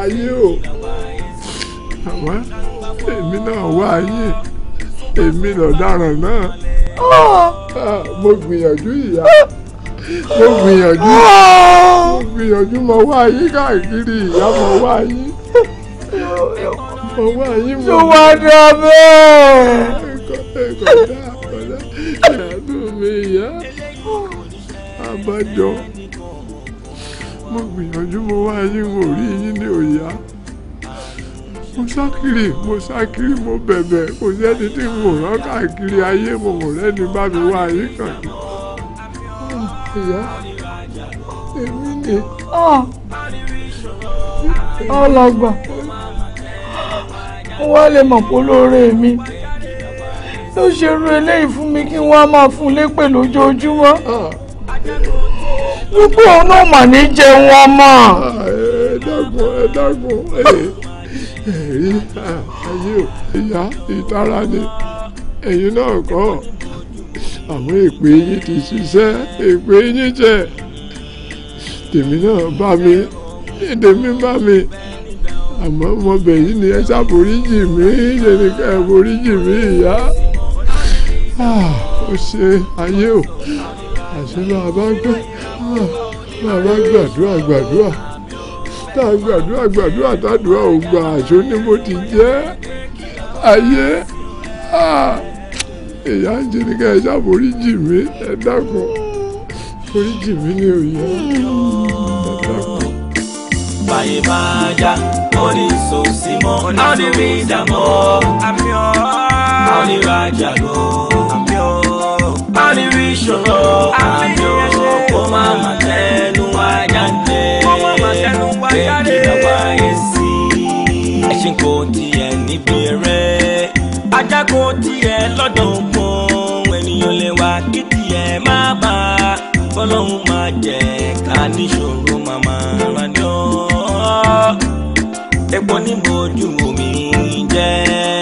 ayé o àmọ́ èmi náà wá ayé èmi lọ̀daràn náà mo gbìyànjú ìyá mo gbìyànjú mo gbìyànjú mo wá ayé káàkiri ìyá mo wá ayé mo wá ayé mo wá dá bẹ́ẹ̀. ẹ̀kọ́ dá ọ̀dá ìyá mi ìyá àbájọ mo gbìyànjú mo wá yín mo rí yín ní òyà mo sákìrì mo sákìrì mo bẹ̀bẹ̀ kò sẹ́ni tí mo rán káàkiri ayé mo mọ̀ lẹ́ni bá mi wá yín
kàn ní. ìyá èmi ni ah! ọlọgbà ó wá lè mọ̀ pé olóore mi ló ṣerú eléyìí fún mi kí wọ́n á máa fún un lépè lójoojúmọ́. Ah! ikú òun náà mà ní jẹun ọmọ.
ẹ dágun ẹ dágun ẹ̀rí ayé ò ìyá ìtara ni ẹ̀yin náà kọ́ àwọn èpè yín ti ṣiṣẹ́ èpè yín jẹ tèmi náà bá mi tèmi bá mi àmọ́ ọmọbẹ̀ yìí ni ẹ ṣàforíjì mí ṣe ni ká ẹ foríjì mí ìyá ah, ó ṣe ayé ò àṣìlò àbágbé bàbá gbàdúrà gbàdúrà tá a gbàdúrà gbàdúrà tàdúrà ò gbà àṣọ ni mo ti jẹ́ ayé ìyá ń jẹ nìkan ẹ̀ṣá foríjì mi ẹ dákun foríjì mi ni òye ẹ dákun.
báyé máa já mọ́ni sòsì mọ́ ọ́nì rí ìdààmú ọ́nì rájà lọ́ọ́ bá mi rí ìṣòro àmì òwò kó má má tẹnu wá jáde èmi lọ́wọ́ ayé sí i. ẹṣin kò tiẹ̀ níbi rẹ̀ ajá kò tiẹ̀ lọ́dọ̀ òkun ènìyàn lè wá kí tiẹ̀ má bà á fọlọ́hún máa jẹ́ ká níṣòro màmá rán yọ. epo ní bojú omi jẹ́.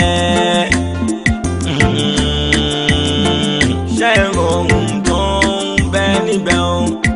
níbẹ̀ o.